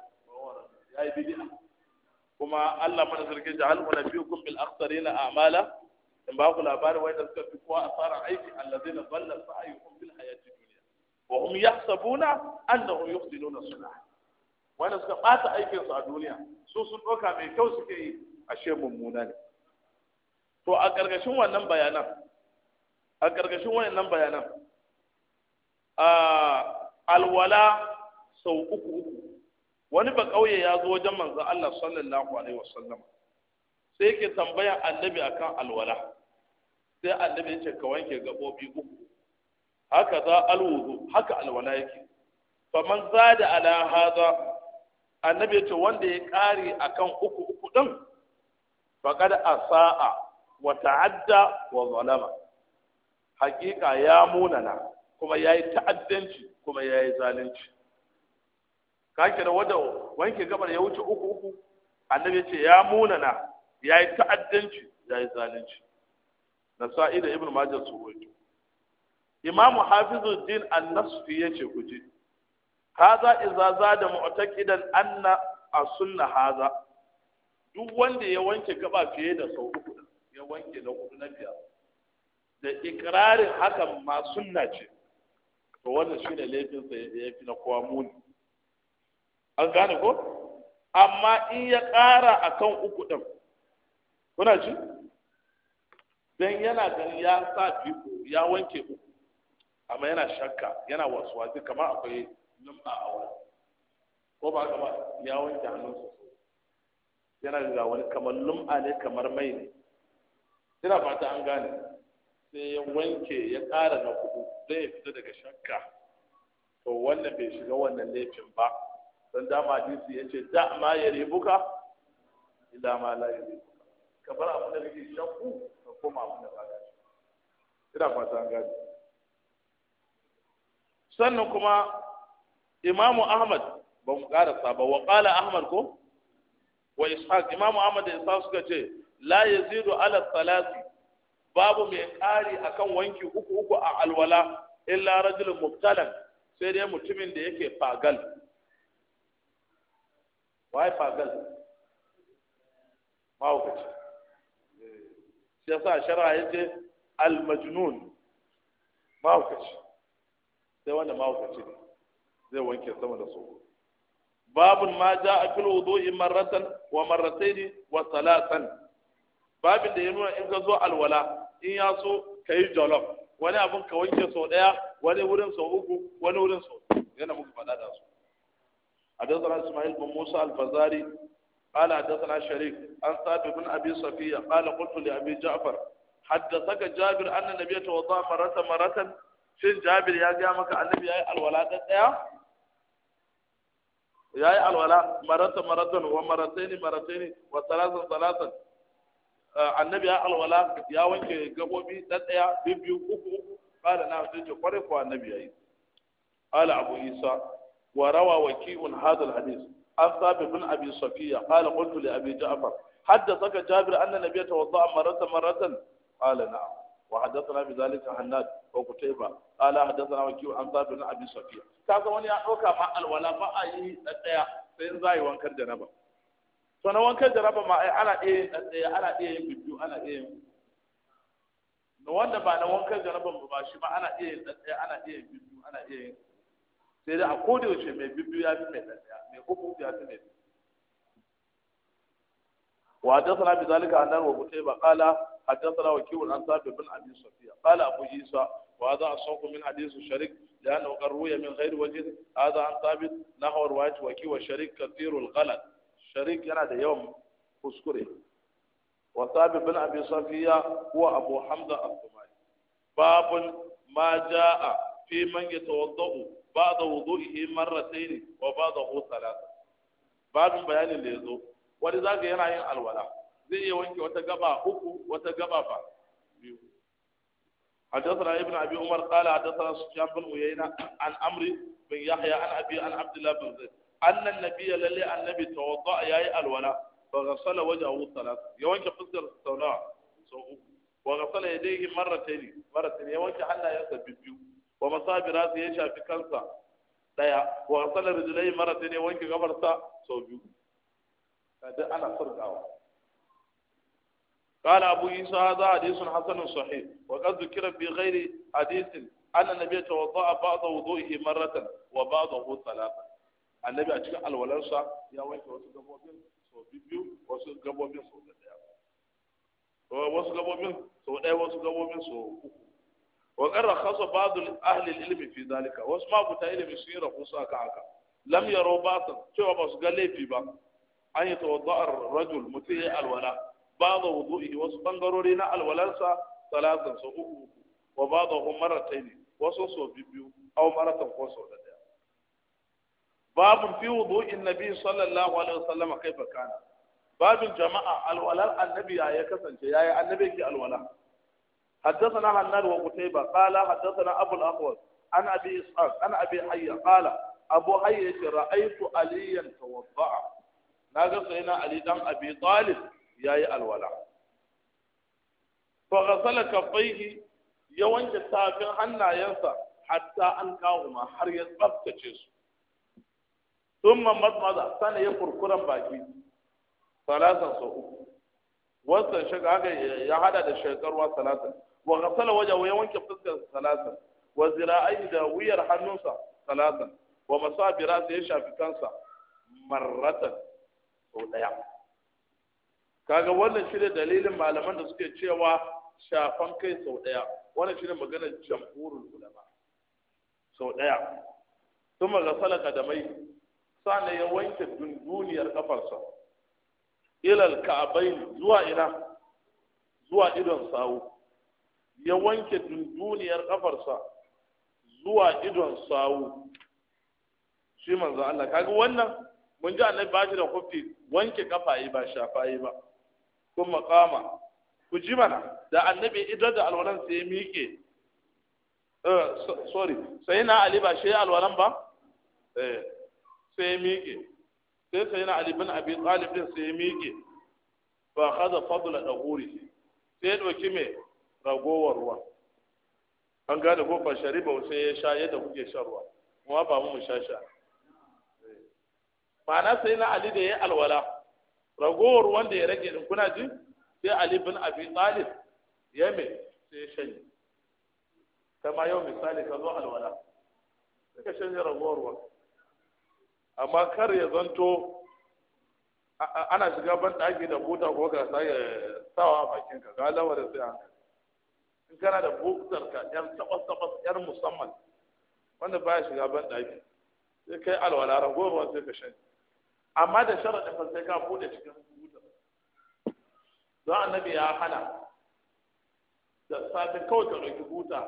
ya yi bid'a kuma Allah mana sarki ja'al wa nabiyukum bil akhsarina a'mala in ba ku labarin da suka fi kowa tsara aiki allazina dalla sa'ayuhum fil hayati dunya wa hum yahsabuna annahum yuhsinuna sun'a wanda suka bata aikin su a duniya su sun doka mai kyau suke yi ashe mummuna ne to a ƙarƙashin wannan bayanan a ƙarƙashin wannan bayanan alwala sau uku uku wani ba ƙauye ya zo wajen manzon Allah sallallahu alaihi wasallam sai yake tambaya annabi akan alwala sai annabi ya ce ka wanke gabobi uku haka za alwudu haka alwala yake faman zada ala hada annabi ya ce wanda ya kare akan uku uku din faqad asaa wa ta'adda wa zalama hakika ya munana kuma yayi ta'addanci kuma yayi zalunci ka da wanda wanke gabar ya wuce uku uku annabi ya ce ya munana yayi ta'addanci yayi zalunci nasa'i da ibn majah su rawaito imamu hafizuddin an-nasfi yace ku ji hadha idza da mu'taqidan anna as-sunna haza. duk wanda ya wanke gaba fiye da sau uku ya wanke na uku na biyar da ikrarin hakan ma sunna ce to wannan shine laifin sa ya fi na kowa muni an gane ko amma in ya ƙara akan uku din kuna ji dan yana ganin ya sa fiko ya wanke uku amma yana shakka yana wasuwasi Kama akwai lumba a wani. ko ba kama ya wanke hannun sosai yana ga wani kamar lumba ne kamar mai ne yana fata an gane sai ya wanke ya ƙara na kudu zai ya fita daga shakka to wannan bai shiga wannan laifin ba dan dama hadisi ya ce da ma ya rebuka ila ma la ya rebuka kamar abu da kake shakku koma abin da ba gashi da fata an gane sannan kuma imamu ahmad ba mu karasa ba wa qala ahmad ko wa ishaq imamu ahmad da ishaq suka ce la yazidu ala salati babu mai kari akan wanki uku uku a alwala illa rajul mubtalan sai dai mutumin da yake fagal wai fagal mahaukaci yasa shara yace al majnun mahaukaci sai wanda mahaukaci ne zai wanke sama da su babun ma ja a fil wudu'i marratan wa marratayn wa salatan babin da ya nuna in ka zo alwala in ya so kai jolof wani abun ka wanke sau daya wani wurin sau uku wani wurin sau yana muku faɗa da su ismail bin Musa al-Fazari. قال حدثنا شريك عن ثابت بن ابي صفيه قال قلت لابي جعفر حدثك جابر ان النبي توضا مره مره shin jabir ya gaya maka annabi yayi alwala da daya yayi alwala marata maratan wa marataini wa annabi yayi alwala ya wanke gabobi da daya biyu uku uku na sai ce kware ko annabi yayi qala abu isa wa rawa waki'un hadha alhadith أصاب بن أبي صفية قال قلت لأبي جعفر حدثك جابر أن النبي توضأ مرة مرة قال نعم وحدثنا بذلك حناد وكتيبة قال حدثنا وكيو عن ثابت بن أبي صفية كذا وني أوكا مع الولا ما أي أتيا سين زاي وانكر جنبه فأنا وانكر جنبه ما أنا إيه أتيا أنا إيه بدو أنا إيه wanda ba na wankan janaban ba shi ma ana iya ana iya bidu ana iya sai dai a kodi yaushe mai bibiyu ya fi mai tsaniya mai hukun ya fi mai wa hadasana bi zalika annar wa kutaiba qala hadasana wa kiwun an sabi bin abi safiya qala abu isa wa hadha asaku min hadisi sharik da annahu qarruya min ghairi wajhin hadha an sabit nahwa riwayat wa kiwa sharik kathirul ghalat yana da yawan kuskure wa sabi bin abi safiya huwa abu hamza al-thumani babun ma jaa fi man yatawaddau ba'da wudu'ihi marratayn wa ba'dahu thalatha babin bayanin da yazo wani zaka yana yin alwala zai iya wanke wata gaba uku wata gaba ba biyu حدثنا ابن ابي عمر قال حدثنا سفيان بن عيينه عن عمرو بن يحيى عن ابي عن عبد الله بن زيد ان النبي للي النبي توضا ياي الولاء فغسل وجهه ثلاث يوانك فسر سونا وغسل يديه مرتين مرتين يوانك حنا يسبب بيو wa masabira su ya shafi kansa daya wa asala rijlai marata ne wanke gabarsa sau biyu kada ana furgawa قال أبو عيسى هذا حديث حسن صحيح وقد ذكر في غير حديث أن النبي توضأ بعض وضوئه مرة وبعضه ثلاثة النبي wasu gabobin يا ويك وسجبوبين سوبيبيو وسجبوبين سوداء وسجبوبين gabobin وسجبوبين سوبيبيو وقد رخص بعض أهل العلم في ذلك واسمع بتا علم سنين رخصا لم يروا باطن شو بس قال لي في بعض أن يتوضع الرجل مثل الولاء بعض وضوئه وصفاً ضرورينا الولانسا ثلاثا سوء وبعضهم مرتين وصوصوا بيبيو أو مرة وصوصوا لديه باب في وضوء النبي صلى الله عليه وسلم كيف كان باب الجماعة الولاء النبي يا آية كسنجي آية يا النبي كي الولاء حدثنا هنال وقتيبة قال حدثنا أبو الأخوص عن أبي إسحاق عن أبي حي قال أبو حي رأيت عليا توضع نقص هنا علي دم أبي طالب ياي الولع فغسل كفيه يوانك تاكن حنا ينسى حتى أنكاهما حر يتبتشيس ثم مضمضة سنة يفر كرم باكي ثلاثة سوء وصل shiga haka ya hada da wa ghasala wajahu ya wanke fuskar salatan wa zira'ai da wuyar hannunsa salatan wa masabira ya shafi kansa marratan sau daya kaga wannan shi ne dalilin malaman da suke cewa shafan kai sau daya wannan shi ne maganar jamhurin ulama sau daya sun magasala kadamai sa'an ya wanke dunduniyar kafarsa ilal ka'abai zuwa ina zuwa idon sawo ya wanke dunduniyar kafarsa zuwa idon sawu shi manzo Allah kaga wannan mun ji annabi ba shi da kofi wanke kafaye yi ba shafa yi ba kun makama ku ji mana da annabi idan da alwalan sai miƙe eh, sorry sai na ali ba shi alwalan ba eh, sai miƙe sai sai na ali bin abi talib din sai miƙe fa khada fadla dahuri sai doki me ragowar ruwa an gane ko ba ba sai ya sha yadda kuke shan ruwa kuma ba mu sha sha ma'ana sai na ali da ya alwala ragowar wanda ya rage din kuna ji sai ali bin abi talib ya me sai ya shanye kama yau misali ka zo alwala sai ka shanye ragowar ruwa amma kar ya zanto ana shiga ban ɗaki da buta ko ka ya sawa a bakinka ga lamarin sai hankali in kana da buksar ka yan tabas tabas yan musamman wanda baya shiga ban daki sai kai alwala ragowar ruwan sai ka shan amma da sharadin fa sai ka bude cikin butar don annabi ya hana da safe kawai ka ɗauki buta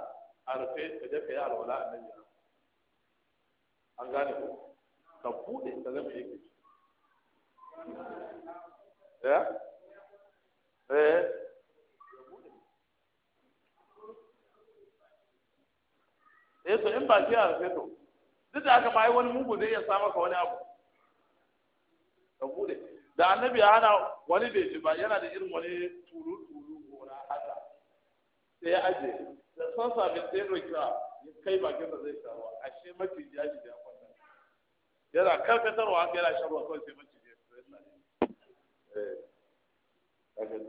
a rufe ka je ka yi alwala annabi an gane ko ka bude ka zama yake ya eh, eh? eh to in ba a sai to duk da aka bai wani mugu zai iya sa maka wani abu ka bude da annabi ya hana wani bai ci ba yana da irin wani turu-turu turu gora haka sai ya aje da son sabin sai rokiya ya kai bakin da zai sha ruwa ashe maciji ya ji da kwanta yana karkatarwa haka yana shan ruwa kawai sai maciji ya eh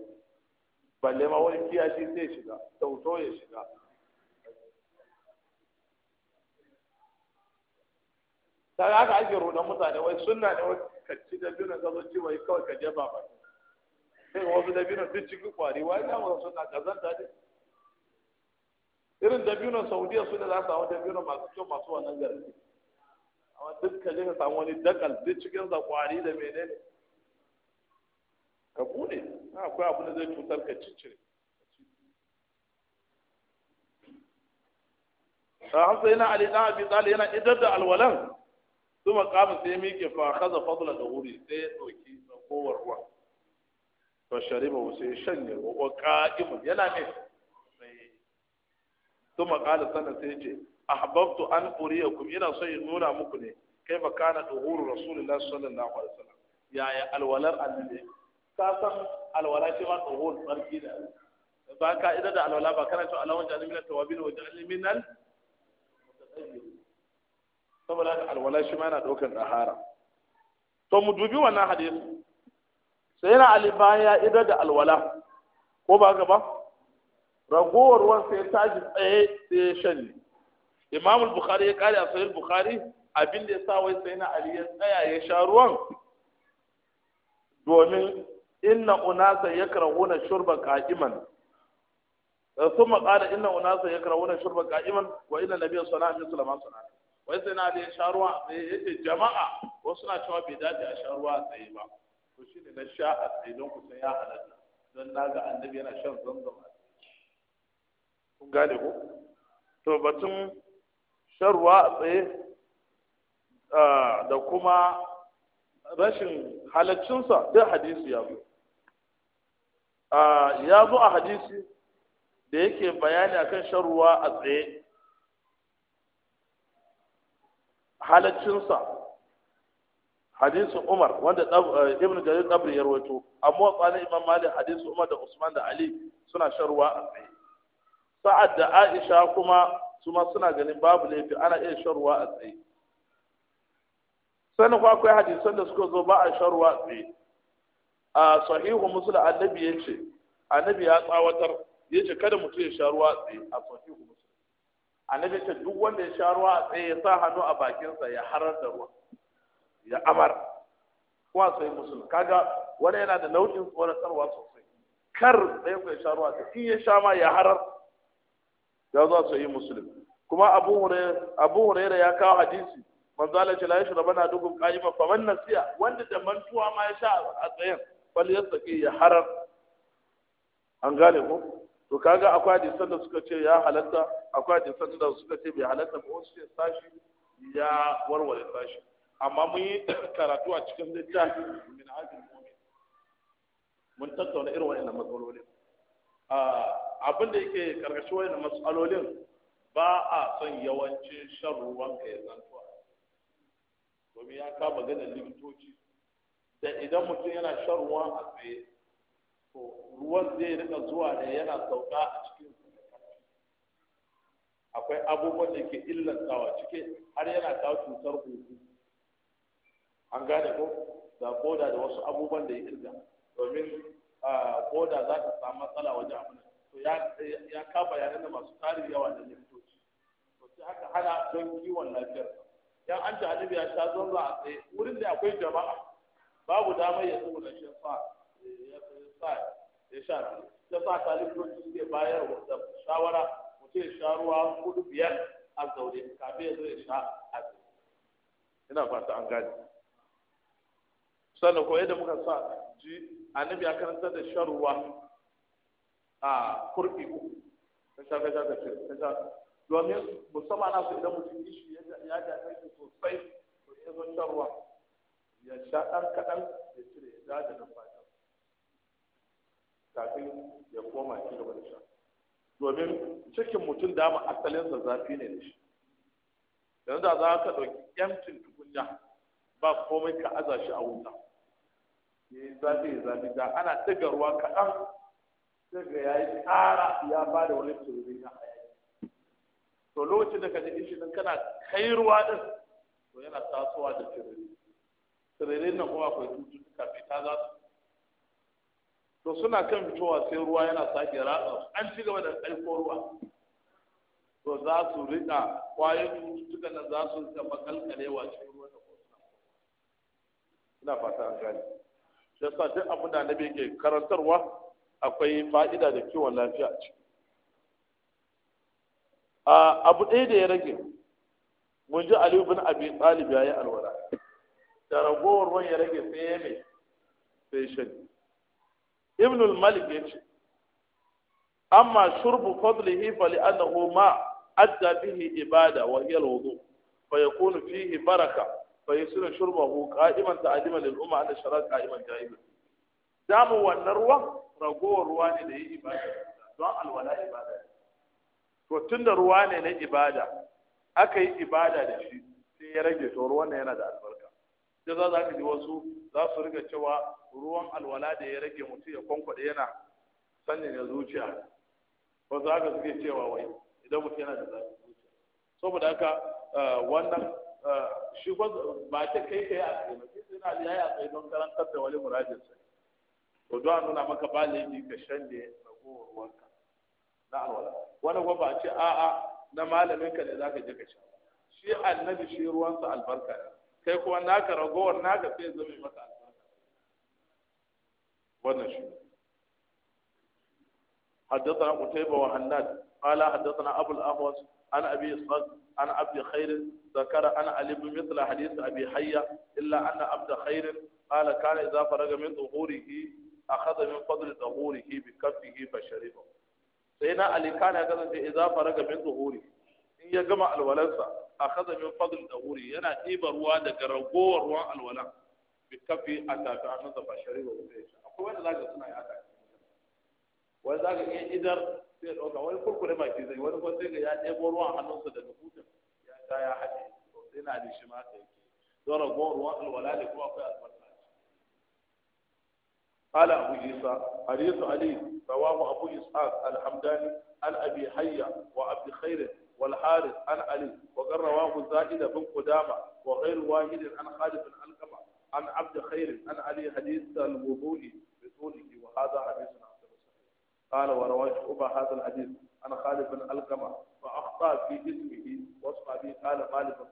ba ma wani kiyashi sai shiga tauto ya shiga kaga haka ake rudan mutane wai sunna ne wai ka ci da biyu ka zo ci wai kawai ka jefa ba sai wasu da biyu sun ciki kwari wai ya mu sunna kazanta ne irin da biyu saudiya su suna za su samu da biyu masu kyau masu wannan gari amma duk ka je ka samu wani dakal duk cikin sa kwari da menene ka kune akwai abu da zai cutar ka ciccire Ta hamsa yana dan abi talib yana idar da alwalan su makamu sai miƙe fa da fadla da wuri sai ya ɗauki tsakowar ruwa fa shariba sai shanye wa qa'imun yana ne sai su makala sana sai ce a ahbabtu an uriyakum ina so in nuna muku ne kai kaifa kana duhuru rasulullahi sallallahu alaihi wasallam yaya alwalar annabi Ta san alwala ce ma duhur barki da ba ka idan da alwala ba kana cewa alawun jalimin tawabin wa nan? saboda haka alwala shi ma yana ɗaukan ɗahara to mu dubi wannan hadisi sai na ali ya idar da alwala ko ba gaba ba ragowar ruwan sai ji tsaye sai ya shanye imam bukhari ya kare a sahih bukhari abin da ya sa wai sai na ali ya tsaya ya sha ruwan domin inna unasa yakrahuna shurba qa'iman ثم قال ان اناسا يكرهون شرب قائما وان النبي صلى الله عليه وسلم صنع wai sai na da sharuwa a tsaye ya ce jama'a wasu na cewa bai dace a sharuwa a tsaye ba to shi ne na sha a tsaye don kusan ya halatta don na ga annabi yana shan zamzam a kun gane ko to batun shan ruwa a tsaye da kuma rashin halaccinsa duk hadisi ya zo ya zo a hadisi da yake bayani akan shan ruwa a tsaye halaccinsa hadisin umar wanda eh, ibn jarir dabri ya rawaito amma tsanin imam malik hadisin umar da usman da ali suna shan ruwa a tsaye sa'ad da aisha kuma suma suna ganin babu laifi ana iya shan ruwa a tsaye sani kwa akwai hadisan da suka zo ba a shan ruwa a tsaye a sahihu musulun annabi ya ce annabi ya tsawatar ya ce kada mutum ya sharuwa ruwa a tsaye a sahihu musulun annabi ce duk wanda ya sha ruwa a tsaye ya sa hannu a bakinsa ya harar da ruwa ya amar kuwa sai musulun kaga wani yana da nau'in tsoratarwa sosai kar da ya sha ruwa ta in ya sha ma ya harar ya zo sai musulun kuma abu Hurera ya kawo hadisi manzo Allah ce la'ishu yashraba na dukun qaima fa man nasiya wanda da mantuwa ma ya sha a tsayen bal yastaqi ya harar an gane ko to kaga akwai hadisan da suka ce ya halatta akwai hadisan da suka ce bai halatta ba wasu ce sashi ya warware sashi amma mun yi karatu a cikin littafi min hajjin mumin mun tattauna irin wannan matsalolin abin da yake karkashin wannan matsalolin ba a son yawancin shan ruwan ka ya zanto domin ya kama ganin likitoci da idan mutum yana shan a tsaye to ruwan zai rika zuwa ne yana sauka a cikin akwai abubuwan da ke illantawa cike har yana kawo cutar huhu an gane ko da koda da wasu abubuwan da ya irga domin koda za ta samu matsala wajen abin to ya ka yare da masu tarin yawa da likitoci to sai aka hana don kiwon lafiyar yan an ta ya sha zonza a tsaye wurin da akwai jama'a babu damar ya saboda shi fa ya sha ta sa kalifoci suke bayar da shawara mutum ya sha ruwa hudu biyar a zaune kafin ya zo ya sha a ina fata an gane sannan ko yadda muka sa ji annabi ya karanta da shan ruwa a kurfi uku ta sha ta sha ta sha ta sha domin musamman na su idan mutum ishi ya ja kai sosai to ya zo shan ruwa ya sha ɗan kaɗan ya cire ya da numfashi kafin ya koma ci gaba da sha domin cikin mutum dama asalinsa zafi ne da shi yanzu da za ka ɗauki yamcin tukunya ba komai ka aza shi a wuta ya zafi zafi da ana ɗaga ruwa kaɗan daga ya yi ƙara ya ba da wani tururin na hayaki to lokacin da ka ji nan kana kai ruwa ɗin to yana tasowa da tururi tururin nan kuma akwai cututtuka fita za su to suna kan fitowa sai ruwa yana sake ratsa an ci gaba da aiko ruwa to za su riƙa kwayoyin cututtukan nan za su riƙa makalkalewa cikin ruwa da kuma ina fata an gani shi yasa duk abin da annabi yake karantarwa akwai fa'ida da kiwon lafiya a ciki abu ɗaya da ya rage mun ji Aliyu bin Abi Talib yi alwala da ragowar ruwan ya rage sai ya mai sai shani ibn al-malik yace amma shurbu fadlihi fa li'annahu ma adda bihi ibada wa hiya al-wudu fa yakunu fihi baraka fa yasiru shurbahu qa'iman ta'diman lil umma ala sharat qa'iman ja'iban damu wannan ruwan ragowar ruwa ne da yi ibada don alwala ibada to tunda ruwa ne na ibada aka yi ibada da shi sai ya rage to ruwan yana da albarka sai za ka ji wasu za su riga cewa ruwan alwala da ya rage mutum ya kwankwada yana ya zuciya ba za ka suke cewa wai idan mutum yana da zafi zuciya saboda haka eh, wannan eh, shi ba ta kai kai a tsaye ba sai na ya yi a don karantar da wani murajin sai to don a nuna maka ba laifi ka shanye ragowar ruwanka na alwala wani kuma ba ce a'a na malamin ka ne za ka je ka sha shi annabi shi ruwansa albarka ne sai kuma naka ragowar naka sai zama maka albarka wannan shi حدثنا قتيبة وهناد قال حدثنا أبو الأهوس عن أبي إسحاق عن عبد خير ذكر عن علي مثل حديث أبي حية إلا أن عبد خير قال كان إذا فرغ من ظهوره أخذ من فضل ظهوره بكفه فشربه سيدنا علي كان يقول إذا فرغ من ظهوره إن يجمع الولنسة akhadha min fadl wuri, yana ɗiba ruwa daga ragowar ruwan alwala bi kafi a tafi hannun da bashari ba zai ci akwai wanda zaka suna ya ta wani zaka iya idar sai ɗauka wani kurkure baki zai wani kuma sai ya ɗebo ruwan hannunsa daga hutun ya ta ya haɗe sai na da shi ma ta don ragowar ruwan ne akwai قال أبو عيسى حديث علي رواه أبو إسحاق الحمداني عن أبي حية وعبد خير والحارث عن علي وقد رواه زائدة بن قدامة وغير واحد عن خالد بن علقمة عن عبد خير عن علي حديث الوضوء بطوله وهذا حديث حسن قال ورواه شعبة هذا الحديث عن خالد بن علقمة فأخطأ في اسمه وصف به قال مالك بن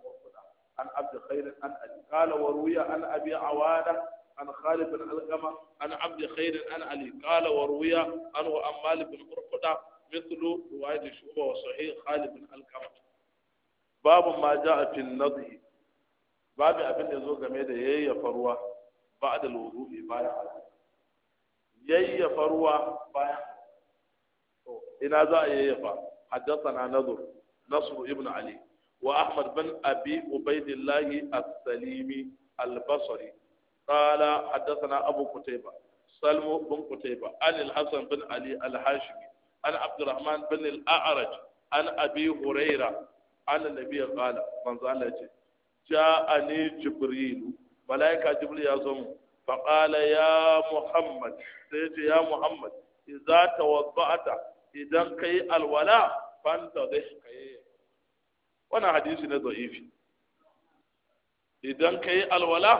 عن عبد خير عن علي قال وروي عن أبي عوانة عن خالد بن علقمة عن عبد خير عن علي قال وروي عن مالك بن قرقدة مثل رواية شعبة وصحيح خالد بن الكرم باب ما جاء في النضي باب أبن يزوج ميدا يي فروة بعد الوضوء بايع يي فروة بايع إن ذا يي حدثنا نضر نصر ابن علي وأحمد بن أبي عبيد الله السليمي البصري قال حدثنا أبو قتيبة سلم بن قتيبة عن الحسن بن علي الحاشمي an abdurrahman bin al-a'raj an abi huraira an nabiy qala manzo Allah ce ja'ani jibril malaika jibril ya zo mu fa qala ya muhammad sai ce ya muhammad idza tawadda'ata idan kai alwala fanta da kai wannan hadisi ne idan alwala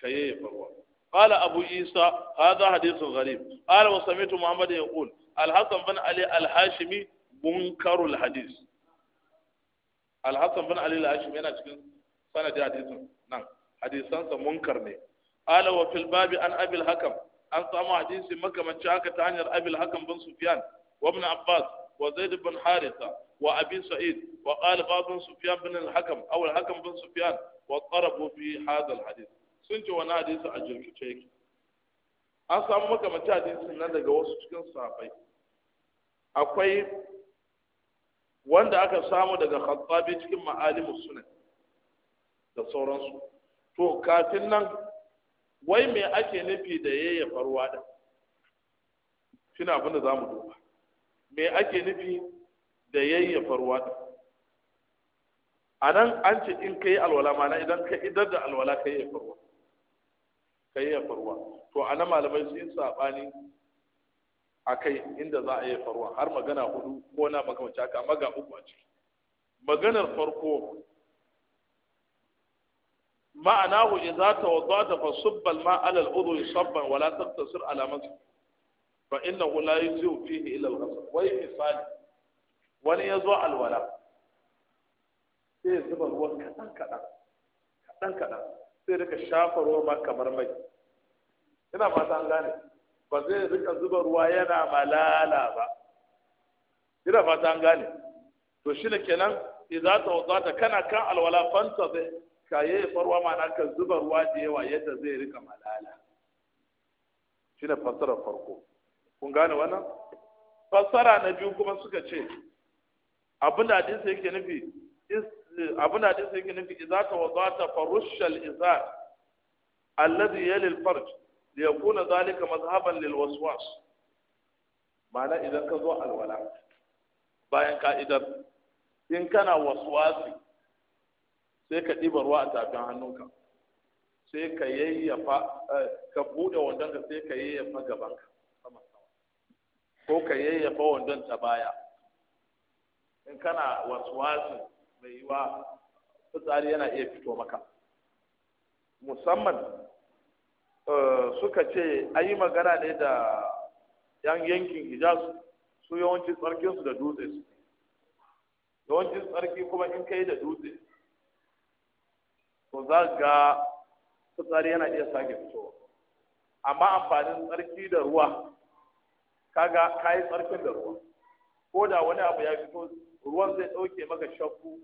farwa قال أبو عيسى هذا حديث غريب قال وسمعت محمد يقول alhassan bin ali alhashimi munkarul hadis alhassan bin ali alhashimi yana cikin sanadi hadisin nan hadisansa munkar ne ala wa fil babi an abil hakam an samu hadisi makamanci haka ta hanyar abil hakam bin sufyan wa ibn abbas wa zaid bin haritha wa abi sa'id wa qala ba'd sufyan bin al-hakam aw al-hakam bin sufyan wa qarabu fi hadha al-hadith sun ce wani hadisi a jirkice yake an samu makamanci hadisin nan daga wasu cikin sahabbai akwai wanda aka samu daga khattabi cikin ma'alimu sunan da sauransu to kafin nan wai me ake nufi da yayya farwa da? shine abin da zamu duba me ake nufi da yayya farwa da anan an ce in kai alwala mana idan ka idar da alwala kai yayyafa farwa kai ya farwa to anan malamai sun sabani a kai inda za a yi faruwa har magana hudu ko na makamanci haka ga uku a ciki maganar farko ma'anahu idza tawaddata fa subba al-ma'a ala al-udhu sabban wa la taqtasir ala masjid fa innahu la yuzu fihi illa al-ghasl wa misali wani zo alwala sai ya zuba ruwan kadan kadan kadan kadan sai rika shafa ruwa ma kamar mai ina fata an gane ba zai rika zuba ruwa yana malala ba ina fata an gane to shi ne kenan idza ta kana kan alwala fanta bi kaye farwa mana ka zuba ruwa da yawa yadda zai rika malala shi ne fassara farko kun gane wannan fassara na biyu kuma suka ce abinda da hadisi yake nufi abin da hadisi yake nufi idza ta farushal izar alladhi yalil farj da ya kuna zalika mazhaban lil waswas ma'ana idan ka zo alwala bayan ka'idar in kana waswasi sai ka ɗiba ruwa a tafin hannunka sai ka yayyafa eh, ka buɗe wandonka sai ka yayyafa gabanka ko ka yayyafa wandon ta baya in kana waswasi mai yiwa fitsari yana iya fito maka musamman Eh, suka ce a yi magana ne da yan yankin hijaz su yawanci tsarkinsu da dutse su yawancin tsarki kuma in kai da dutse to za ga fitsari yana iya sake fitowa amma amfanin tsarki da ruwa kaga yi tsarkin da ruwa ko da wani abu ya fito ruwan zai ɗauke maka shakku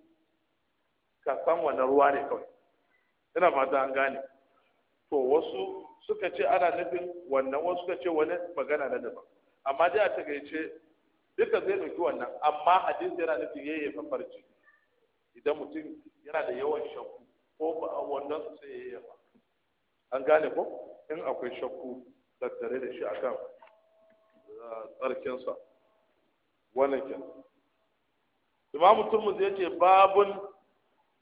ka san wani ruwa ne kawai ina fata an gane to wasu suka ce ana nufin wannan wasu suka ce wani magana na daban amma dai a takaice duka zai nufi wannan amma hadisi yana nufin yayye farji idan mutum yana da yawan shakku ko ba a wannan su sai yayye ba an gane ko in akwai shakku tattare da shi akan tsarkinsa wannan kenan imamu turmus ya ce babun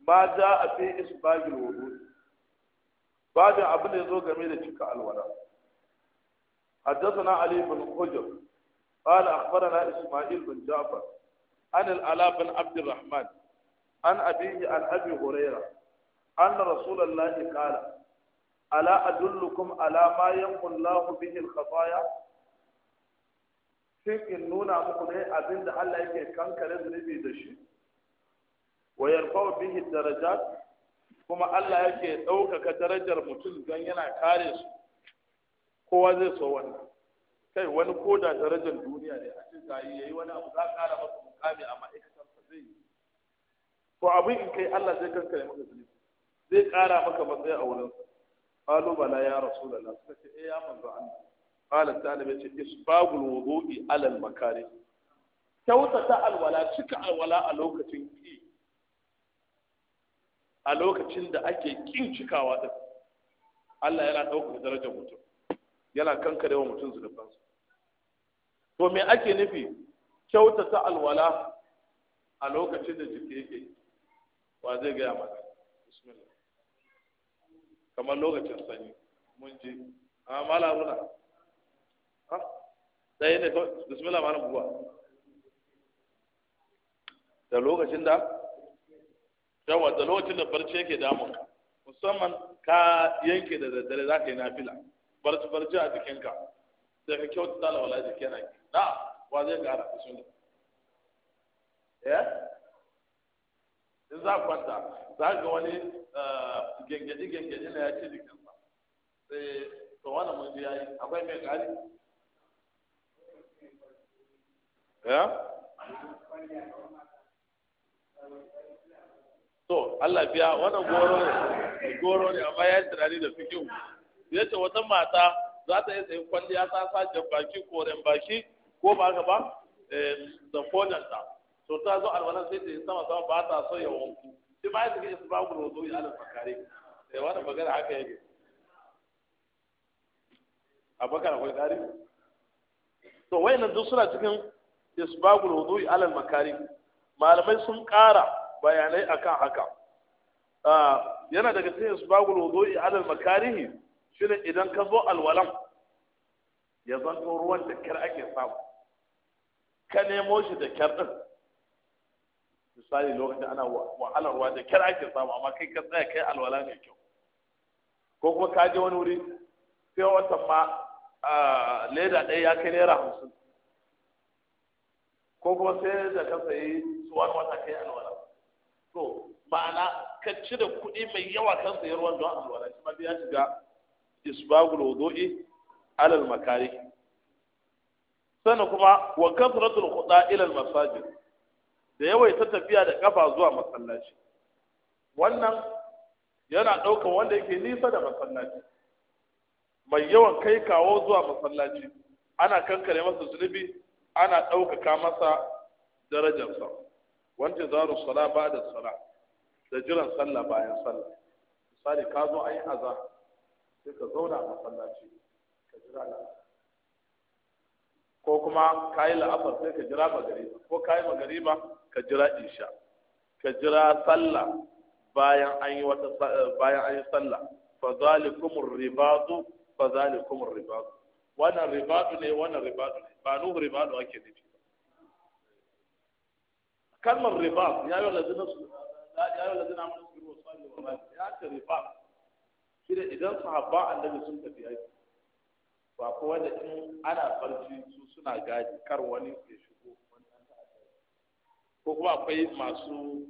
ma za a fi isbagil wudu بعد أبن يزو جميل تشكى الولاء حدثنا علي بن حجر قال أخبرنا إسماعيل بن جعفر عن العلاء بن عبد الرحمن عن أبيه عن أبي هريرة أن رسول الله قال ألا أدلكم على ما يمحو الله به الخطايا shin in nuna muku ne abin da Allah yake kankare zunubi da shi wa yarfa'u bihi darajat kuma Allah yake ɗaukaka darajar mutum don yana kare su kowa zai so wannan kai wani ko da darajar duniya ne a cikin ya yayi wani abu za ƙara masa mukami a ma'aikatar sa zai yi to abin in kai Allah zai kankare maka zunubi zai ƙara maka matsayi a wurin qalu bala ya rasulullah suka ce eh ya manzo Allah qala ta'ala su isbagul wudu'i alal makari kyautata alwala cika alwala a lokacin a lokacin da ake kin cikawa din Allah yana ɗaukar darajar mutum yana kankare wa mutum zunubansa to me ake nufi kyautata alwala a lokacin da jiki yake wa zai gaya mata bismillah kamar lokacin sanyi mun ji amma ah, laruna ha sai ne bismillah malam buwa da lokacin da yawa da lokacin da barci yake damun ka musamman ka yanke da daddare za ka yi nafila barci barci a jikinka sai ka kyautata alwala jiki yana ki na wa zai gara ka sunna ya. Eh? in za kwanta za ga wani eh, gengeji gengeji na ya ce jikinsa sai eh, to wannan mun ji yi, akwai mai gari ya to Allah biya wannan goro ne goro ne amma ya yi tunani da fikin ya ce wata mata za ta yi tsayin kwalliya ta sa jan baki koren baki ko ba ka ba eh, da ta to ta zo alwalan sai ta yi sama sama ba ta so ya wanku shi ba ya shiga ya ba ku zo ya alfa kare eh, wannan magana haka yake abakar akwai kare to wayannan duk suna cikin isbagul wudu'i alal makarim malamai sun kara. bayanai akan haka ah, yana daga cikin isbagul wudu'i alal makarihi shine idan ka zo alwalan ya zanto ruwan da kyar ake samu ka nemo shi da kyar din misali lokacin ana wahalar ruwa da kyar ake samu amma kai ka tsaya kai alwala mai kyau ko kuma ka je wani wuri sai watan ma ah, leda ɗaya ya kai naira hamsin ko kuma sai da ka sayi tsuwan wata kai alwala to ma'ana ka cire kuɗi mai yawa kan sayar ruwan don alwala shi ma ya shiga isbagul wudu'i alal makari sannan kuma wa kasratul khuda ila al masajid da ta tafiya da kafa zuwa masallaci wannan yana ɗaukar wanda yake nisa da masallaci mai yawan kai kawo zuwa masallaci ana kankare masa zunubi ana ɗaukaka masa darajarsa wanda su sala ba da sala da jiran sallah bayan sallah misali ka zo ayi aza sai ka zauna a masallaci ka jira la'asar ko kuma ka yi la'afar sai ka jira magari ko ka yi ba ka jira isha ka jira sallah bayan an yi wata eh, bayan an yi sallah fa zalikumur ribadu fa zalikumur ribadu wannan ribadu ne wannan ribadu ne ba nuhu ribadu ake nufi kalmar riba ya yi wa na su ya yi wallazi na mana su wasu ne wa rafi ya ce riba shi da idan su sahabba annabi sun tafi aiki ba ko wanda in ana barci su suna gadi kar wani ya shigo wani an ko kuma akwai masu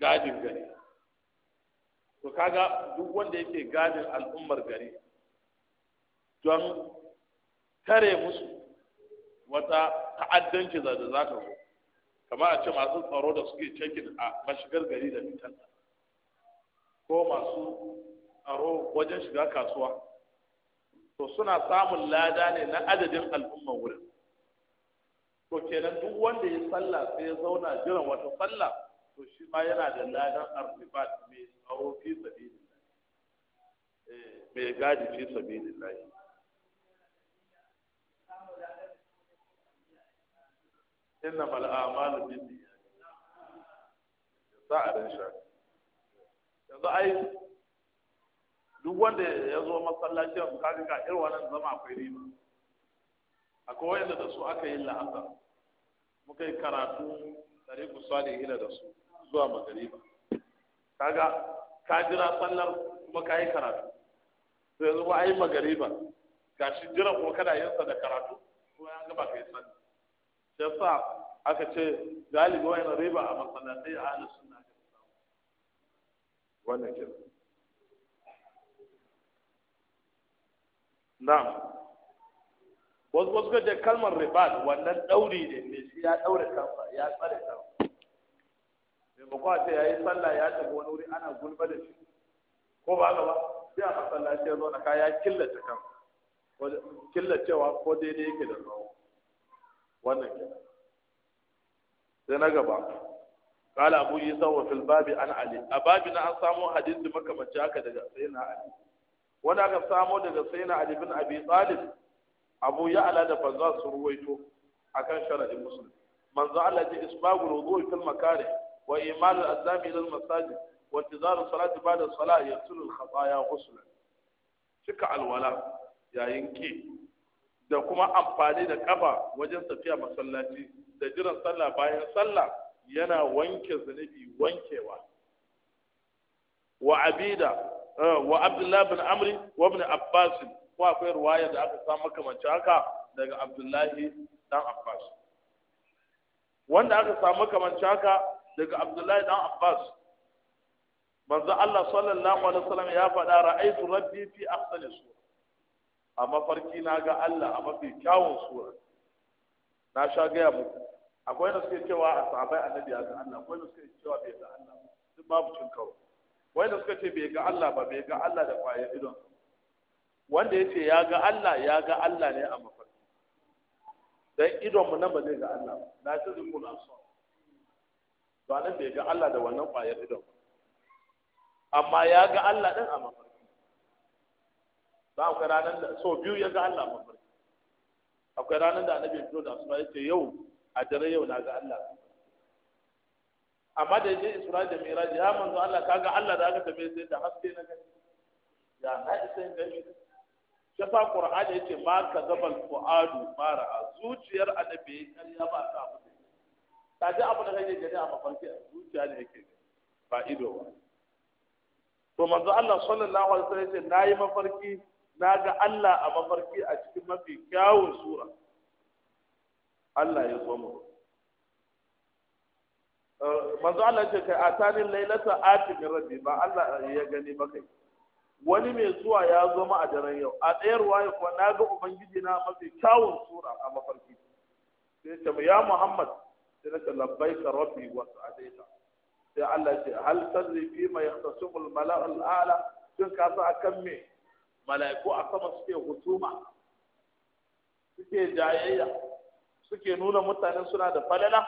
gadin gari to kaga duk wanda yake gadin al'ummar gari don tare musu wata ta'addanci da za ta zo kamar a ce masu tsaro da suke cekin a mashigar gari da fitan ko masu tsaro wajen shiga kasuwa to suna samun lada ne na adadin al'umman wurin to kenan duk wanda ya sallah sai ya zauna jiran wata sallah to shi ma yana da ladan arzibat mai tsaro fi sabi eh, mai gadi fi inna mal a'malu bin sa'adan shafi. yanzu ai duk wanda ya zo masallacin kaga ga irin wannan zama akwai riba akwai wanda da su aka yi la'asar muka yi karatu tare ku sani hina da su zuwa magariba kaga ka jira sallar kuma ka yi karatu sai yanzu ba a yi magariba gashi jira kuma kada yin sa da karatu kuma ya ba ka yi sallar shi aka ce galibi wani riba a masallatai a halin suna ga wannan kira na wasu wasu gajen kalmar riba wannan ɗauri ne ne shi ya ɗaure kansa ya tsare kansa mai a ce ya yi sallah ya tafi wani wuri ana gulba da shi ko ba gaba sai a masallaci ya zo na kaya killace kansa killacewa ko daidai yake da tsawo wannan ke sai na gaba kala abu yi sau wa fil babi an ali a babi na an samo hadisi makamaci haka daga sai ali wani aka samo daga sai ali bin abi tsalin abu ya ala da banza su ruwaito a shara'in musulun banza ala ji isbagun ruwa yi kare wa imanin azami ilil masajin wacce za su salati ba da sala'a yanzu su kasa ya musulun cika alwala yayin ke da kuma amfani da kafa wajen tafiya masallaci da jiran sallah bayan sallah yana wanke zunubi wankewa wa abida eh, wa abdullahi bin amri wa ibn abbas ko akwai ruwaya da aka samu makamanci haka daga abdullahi dan abbas wanda aka samu makamanci haka daga abdullahi dan abbas manzo Allah sallallahu alaihi wasallam ya faɗa ra'aytu rabbi fi ahsani sura a mafarki na ga Allah a mafi kyawun sura na sha gaya muku akwai da suke cewa a sahabai annabi a ga Allah akwai da suke cewa bai ga Allah duk babu cin karo wai da suka ce bai ga Allah ba bai ga Allah da kwaye idon wanda ya ce ya ga Allah ya ga Allah ne a mafarki dan idon mu nan ba zai ga Allah ba na ta zuku na so to nan bai ga Allah da wannan kwaye idon amma ya ga Allah din a mafarki ba akwai ranar da so biyu ya ga Allah mafarki akwai ranar da annabi fito da suna yace yau a dare yau na ga Allah amma da je isra da miraji ya manzo Allah kaga Allah da aka tabe sai da haske na gani ya na isa in gani ya fa qur'ani yace ma zabal fuadu mara zuciyar annabi ya ba ta abu ta ji abu da kake gani a mafarki a zuciya ne yake ba ido to manzo Allah sallallahu alaihi wasallam yace nayi mafarki na ga Allah a mafarki a cikin mafi kyawun sura Allah ya zo mu eh, manzo Allah ce kai tani lailata ati min rabbi ba Allah ya gani ba kai wani mai zuwa ya zo mu a daren yau a tsayar waye kuwa na ga ubangiji na mafi kyawun sura a mafarki sai ce ya Muhammad sai ce labbaika rabbi wa sa'adaita sai Allah ce hal tadri fi ma yahtasimu al mala'u al a'la sun kasa akan me mala'iku a sama suke hutuma suke jayayya suke nuna mutane suna da falala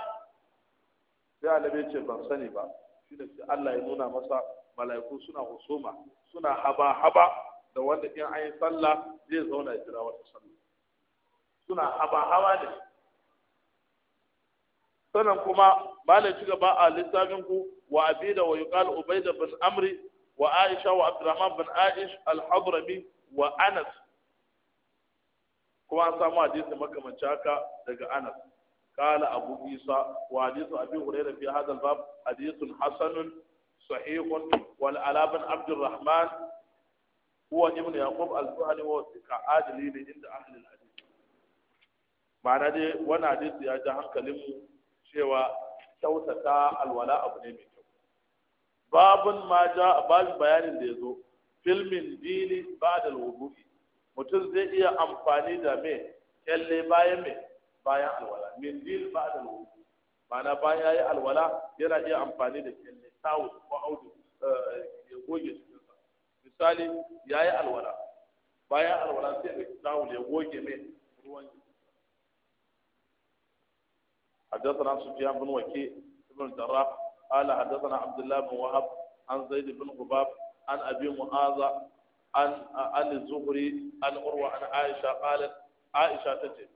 sai alabe ce ban sani ba shi da Allah ya nuna masa mala'iku suna husuma suna haba haba da wanda in an yi sallah zai zauna jira wata sallah suna haba haba ne sannan kuma malai ci gaba a littafin ku wa abida wa yuqal ubayda bin amri wa aisha wa abdurrahman bin aish al-hadrami wa anas kuma an samu hadisi makamanci haka daga anas kala abu isa wa abin abi hurairah fi hadal bab hadisun hasanun sahihun wal alaban abdurrahman huwa ibn yaqub al suhani wa sika adli li inda ahalin al Ba na dai wani hadisi ya ja hankalin cewa kyautata alwala abu ne mai kyau babun ma ja babin bayanin da ya zo filmin dini ba da wudu'i mutum zai iya amfani da me kyalle bayan me bayan alwala min dini ba da wudu'i mana bayan yi alwala yana iya amfani da kyalle tawo ko audu ya eh, goge cikinsa misali ya yi alwala bayan alwala sai ya tawo ya goge me ruwan حدثنا سفيان بن وكيع بن الجراح قال حدثنا عبد الله بن وهب عن زيد بن قباب عن أبي معاذ عن عن الزهري عن عروة عن عائشة قالت عائشة تتي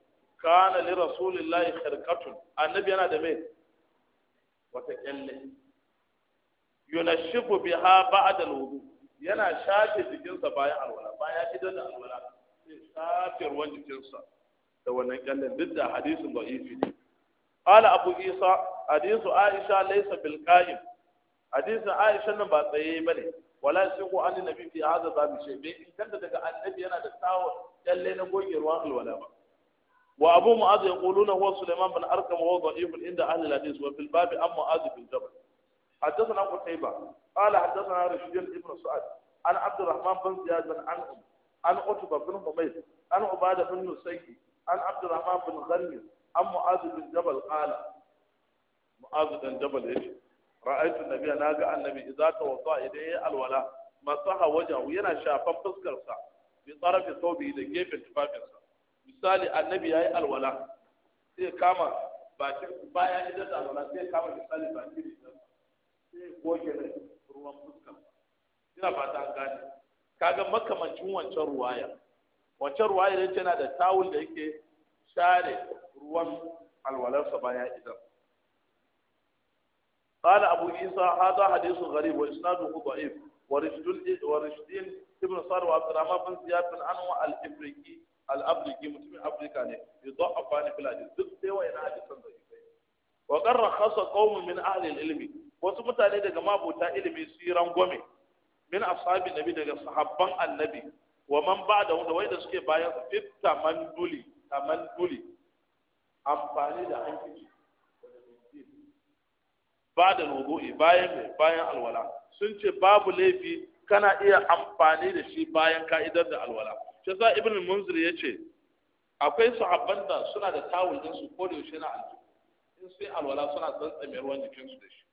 كان لرسول الله خرقة النبي أنا دميت وتكلم ينشف بها بعد الوضوء yana shafe jikinsa bayan alwala bayan idan da alwala sai shafe ruwan jikinsa da wannan kyallen duk da hadisin da ifi ne qala abu isa hadisu aisha laysa bil qa'im aisha nan ba tsaye bane wala yasiqu an nabi fi hadha babu shay bai inganta daga annabi yana da tsawo lalle na goge ruwan alwala ba wa abu mu'adh yaquluna huwa sulaiman bin arkam wa dha'if inda ahli al-hadith wa fil bab amma mu'adh bin jabal حدثنا قتيبة قال حدثنا رشيد بن سعد عن عبد الرحمن بن زياد بن عنهم عن عتبة بن حميد عن عبادة بن نسيك عن عبد الرحمن بن غني عن معاذ بن جبل قال معاذ بن جبل ايش ra'aytu nabiyya naga annabi idza tawassa idan ya alwala masaha wajahu yana shafan fuskar sa bi tsarafi saubi da gefen tufafin sa misali annabi yayi alwala sai kama bakin baya idan da alwala sai kama misali bakin idan sai goge ruwan fuskar ina fata an gane kaga makamancin wancan ruwaya wancan ruwaya yana tana da tawul da yake share ruwan alwalarsa baya idan قال أبو عيسى هذا حديث غريب وإسناده ضعيف ورشدين ورشدين ابن صار وعبد الرحمن بن زياد بن أنواع الإفريقي الأفريقي متم أفريقيا يعني في الحديث duk sai wa'ina hadisan رخص قوم من أهل العلم wasu mutane daga mabuta ilimi su yi rangwame min ashabi nabi daga sahabban annabi wa man da wanda wai da suke bayan fit tamanduli amfani da bada wudu'i bayan bayan alwala sun ce babu laifi kana iya amfani da shi bayan ka'idar da alwala shi yasa ibn munzir ce akwai sahabban da suna da tawul din su ko da yaushe na aljihu in sai alwala suna tsantsame ruwan jikin su da shi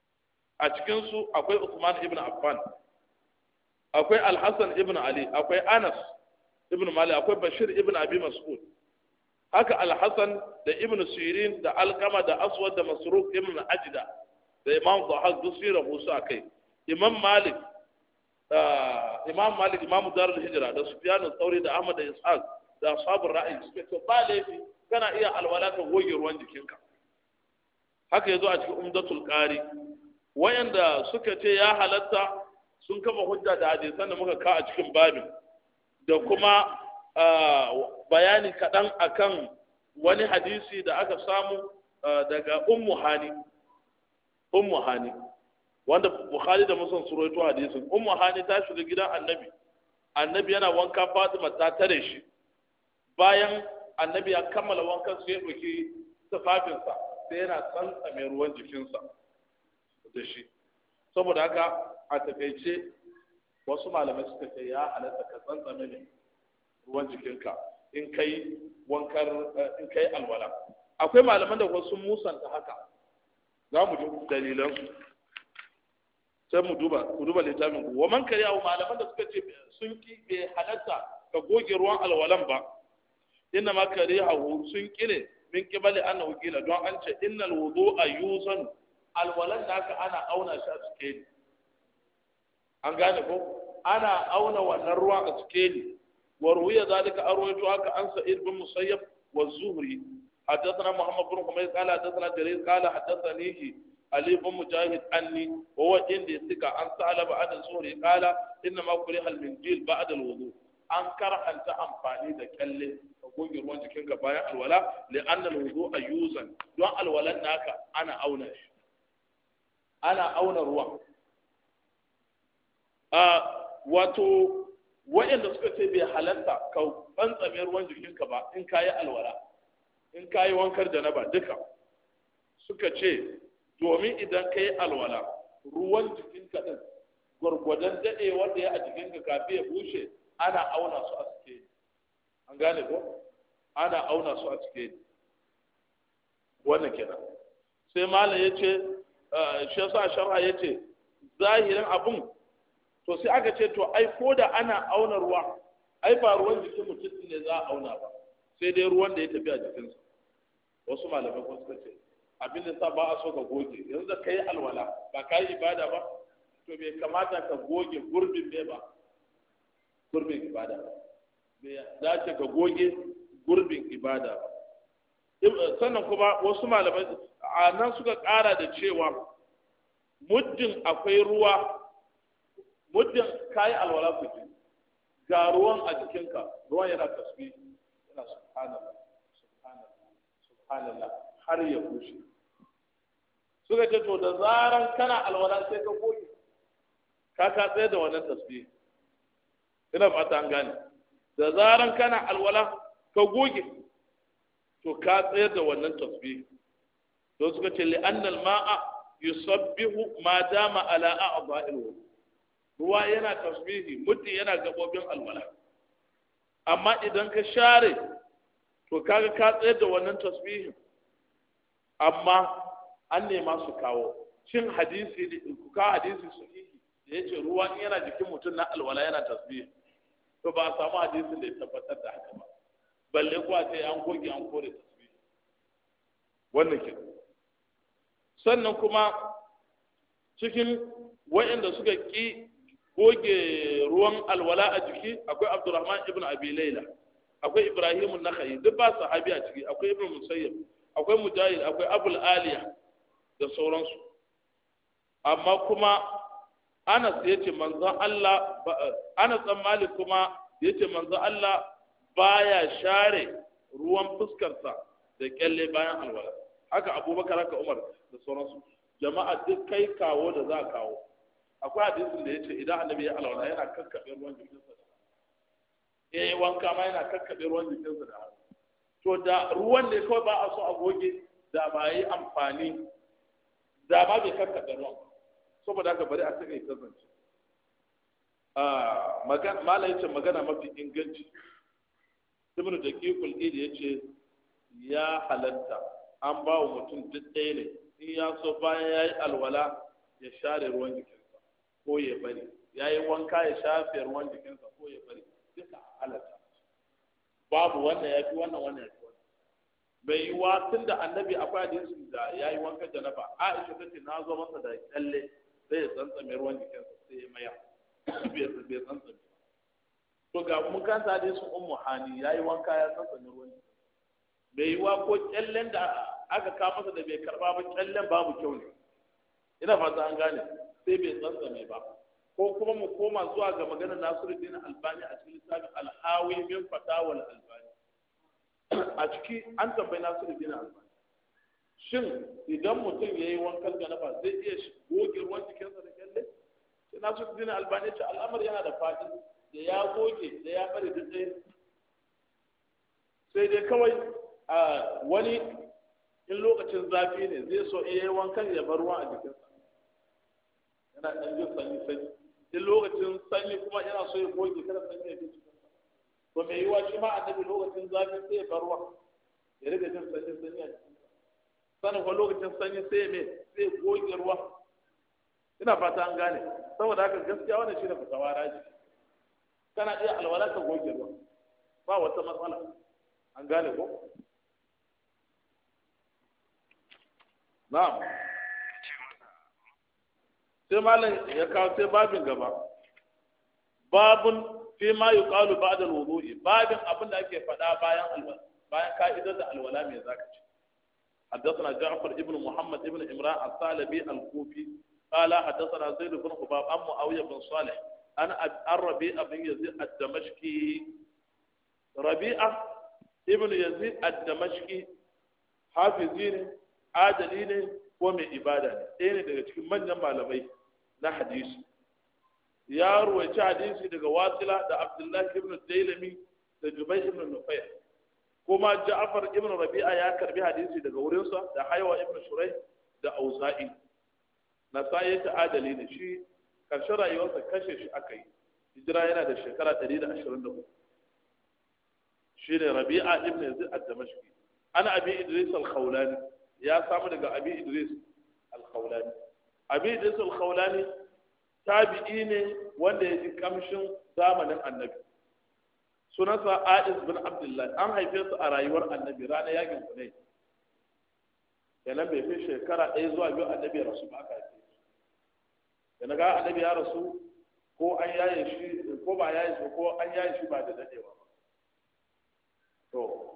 a cikin su akwai Usman ibn Affan akwai Alhassan ibn Ali akwai Anas ibn Mali, akwai Bashir ibn Abi Mas'ud haka Alhassan da Ibn Sirin da alkama da Aswad da Masruq ibn Ajda da imam zahak duk sun rahosu a kai imam malik imam malik imam darul hijira da sufyanu tsauri da ahmad da ishaq da Sabu ra'ayi suka ba laifi kana iya alwala ka goge ruwan jikinka haka yazo a cikin umdatul qari wayanda suka ce ya halatta sun kafa hujja da hadisan da muka ka a cikin babin da kuma bayani kaɗan akan wani hadisi da aka samu daga ummu hani ummu hani wanda bukhari da musan suro rawaito hadisin ummu hani ta shiga gidan annabi annabi yana wanka fatima ta tare shi bayan annabi ya kammala wankan su ya ɗauki sa sai yana mai ruwan jikinsa da shi saboda haka a takaice wasu malamai suka ce ya halatta ka tsantsa ruwan jikinka in kai wankar eh, in kai alwala akwai malaman da wasu musanta haka za mu ji dalilan su sai mu duba ku duba littafin ku wa man kariya malaman da suka ce sun ki bai halatta ka goge ruwan alwalan ba inna ma kariyahu sun kire min kibali annahu qila don an ce innal wudu'a yusan alwalan da aka ana auna shi a cikin an gane ko ana auna wannan ruwan a cikin wa ruwiya zalika arwaytu aka ansa sa'id musayyab wa zuhri حدثنا محمد بن حميد قال حدثنا جرير قال حدثني علي بن مجاهد عني وهو عندي ثقة عن ثعلب عن الزهري قال إنما كره المنديل بعد الوضوء an karanta amfani da kyalle ka goge ruwan jikinka bayan alwala li anna alwudu ayuzan don alwalan naka ana auna ana auna ruwan a wato suka ce bai halatta ka bantsame ruwan jikinka ba in kayi alwala in ka yi wankar janaba duka suka ce domin idan ka yi alwala ruwan jikinka din gwargwadon daɗe wanda ya a jikinka kafin ya bushe ana auna su a cike. an gane ko ana auna su a cike wannan kenan sai malam ya ce eh, shi yasa sharha ya ce zahirin abun to sai aka ce to ai ko da ana auna ruwa ai ba ruwan jikin mutum ne za a auna ba sai dai ruwan da ya tafi a jikinsa wasu malamai kuma suka ce abin da sa ba a so ka goge yanzu da kai alwala ba ka yi ibada ba to bai kamata ka goge gurbin me ba gurbin ibada ba bai dace ka goge gurbin ibada ba sannan kuma wasu malamai a nan suka ƙara da cewa muddin akwai ruwa muddin yi alwala ku ga ruwan a jikinka ruwan yana kasbi yana subhanallah subhanallah har ya bushe suka ce to da zaran kana alwala sai ka goge ka ka tsaye da wannan tasbih ina fata an gane da zaran kana alwala ka goge to ka tsaye da wannan tasbih don suka ce li'anna al-ma'a yusabbihu ma dama ala a'dha'il wudu ruwa yana tasbihi mutti yana gabobin alwala amma idan ka share to kaga ka tsayar da wannan tasbihin amma an nema su kawo shin hadisi ne ku ka hadisi sahihi da ce ruwa in yana jikin mutum na alwala yana tasbih to ba a samu hadisin da ya tabbatar da haka ba balle a sai an goge an kore tasbih wannan ke sannan kuma cikin wa'inda suka ki goge ruwan alwala a jiki akwai abdurrahman ibn abi laila akwai ibrahim nakhai duk ba sahabi a ciki akwai ibn musayyib akwai mujahid akwai abul aliya da sauransu amma kuma anas yace manzon Allah anas dan malik kuma yace manzon Allah baya share ruwan fuskarsa da kyalle bayan alwala haka abubakar haka umar da sauransu jama'a duk kai kawo da za kawo akwai hadisin da yace idan annabi ya alwala yana kakkabe ruwan jikinsa ya wanka ma yana kakkaɓe ruwan jikinsa da hannu to da ruwan da kawai ba a so a goge da ba yi amfani da ba bai kakkaɓe ruwan saboda haka bari a saka ita zance ah, mala ya ce magana mafi inganci ibnu da kikul idi ya ce ya halatta an ba wa mutum duk ɗaya ne in ya so bayan ya yi alwala ya share ruwan jikinsa ko ya bari ya yi wanka ya shafe ruwan jikinsa ko ya bari halatta babu wannan ya fi wannan wannan ya fi wannan bai yi wa tun da annabi akwai hadisin da ya yi wanka janaba aisha ta ce na zo masa da kyalle sai ya tsantsame ruwan jikinsa sai ya maya bai tsantsame to ga mun kanta hadisin ummu hani ya yi wanka ya tsantsame ruwan jikinsa bai yi wa ko kyallen da aka kawo masa da bai karba ba kyallen babu kyau ne ina fata an gane sai bai tsantsame ba ko kuma mu koma zuwa ga maganar Nasiruddin Albani a cikin littafin Al-Hawi min Fatawal Albani a ciki an tambayi Nasiruddin Albani shin idan mutum yayi wankan janaba zai iya goge ruwan jikinsa da kyalle sai Nasiruddin Albani ce al'amar yana da fadi da ya goge da ya bari da tsaye. sai dai kawai a wani in lokacin zafi ne zai so iya wankan ya bar ruwa a jikinsa yana ɗan jin sanyi sanyi in lokacin sanyi kuma yana so ya goge kada sanyi ya fice to me yiwa shi ma annabi lokacin zafi sai ya barwa ya rage jin sanyi sanyi a jikin sanin kuma lokacin sanyi sai ya me sai goge ruwa ina fata an gane saboda haka gaskiya wannan shi ne fitawa raji kana iya alwala ka goge ruwa ba wata matsala an gane ko na'am sai malam ya kawo sai babin gaba babun fi ma kalu ba da wudui babin abin da ake faɗa bayan alwala bayan ka'idar da alwala me zaka ce حدثنا جعفر ابن محمد ابن امرأة الثعلبي الكوفي قال حدثنا زيد بن خباب عن معاوية بن صالح أنا الربيع بن يزيد الدمشقي ربيعة ابن يزيد الدمشقي حافظين عادلين ko mai ibada ne ɗaya ne daga cikin manyan malamai na hadisi ya ruwaci hadisi daga wasila da abdullahi ibn dailami da jubai ibn nufai kuma ja'far ibn rabi'a ya karbi hadisi daga wurinsa da haiwa ibn shurai da auza'i sa'ayi ta adali ne shi karshen rayuwarsa kashe shi aka yi hijira yana da shekara 123 shi ne rabi'a ibn yanzu a damashki ana abi idris al-khawlani ya samu daga abi idris al-khawlani abi idris al-khawlani tabi'i ne wanda ya ji kamshin zamanin annabi sunansa a'is bin abdullahi an haife su a rayuwar annabi ranar yakin hunay kenan bai fi shekara ɗaya zuwa biyu annabi ya rasu ba aka haife da ga annabi ya rasu ko an yaye shi ko ba yaye shi ko an yaye shi ba da dadewa to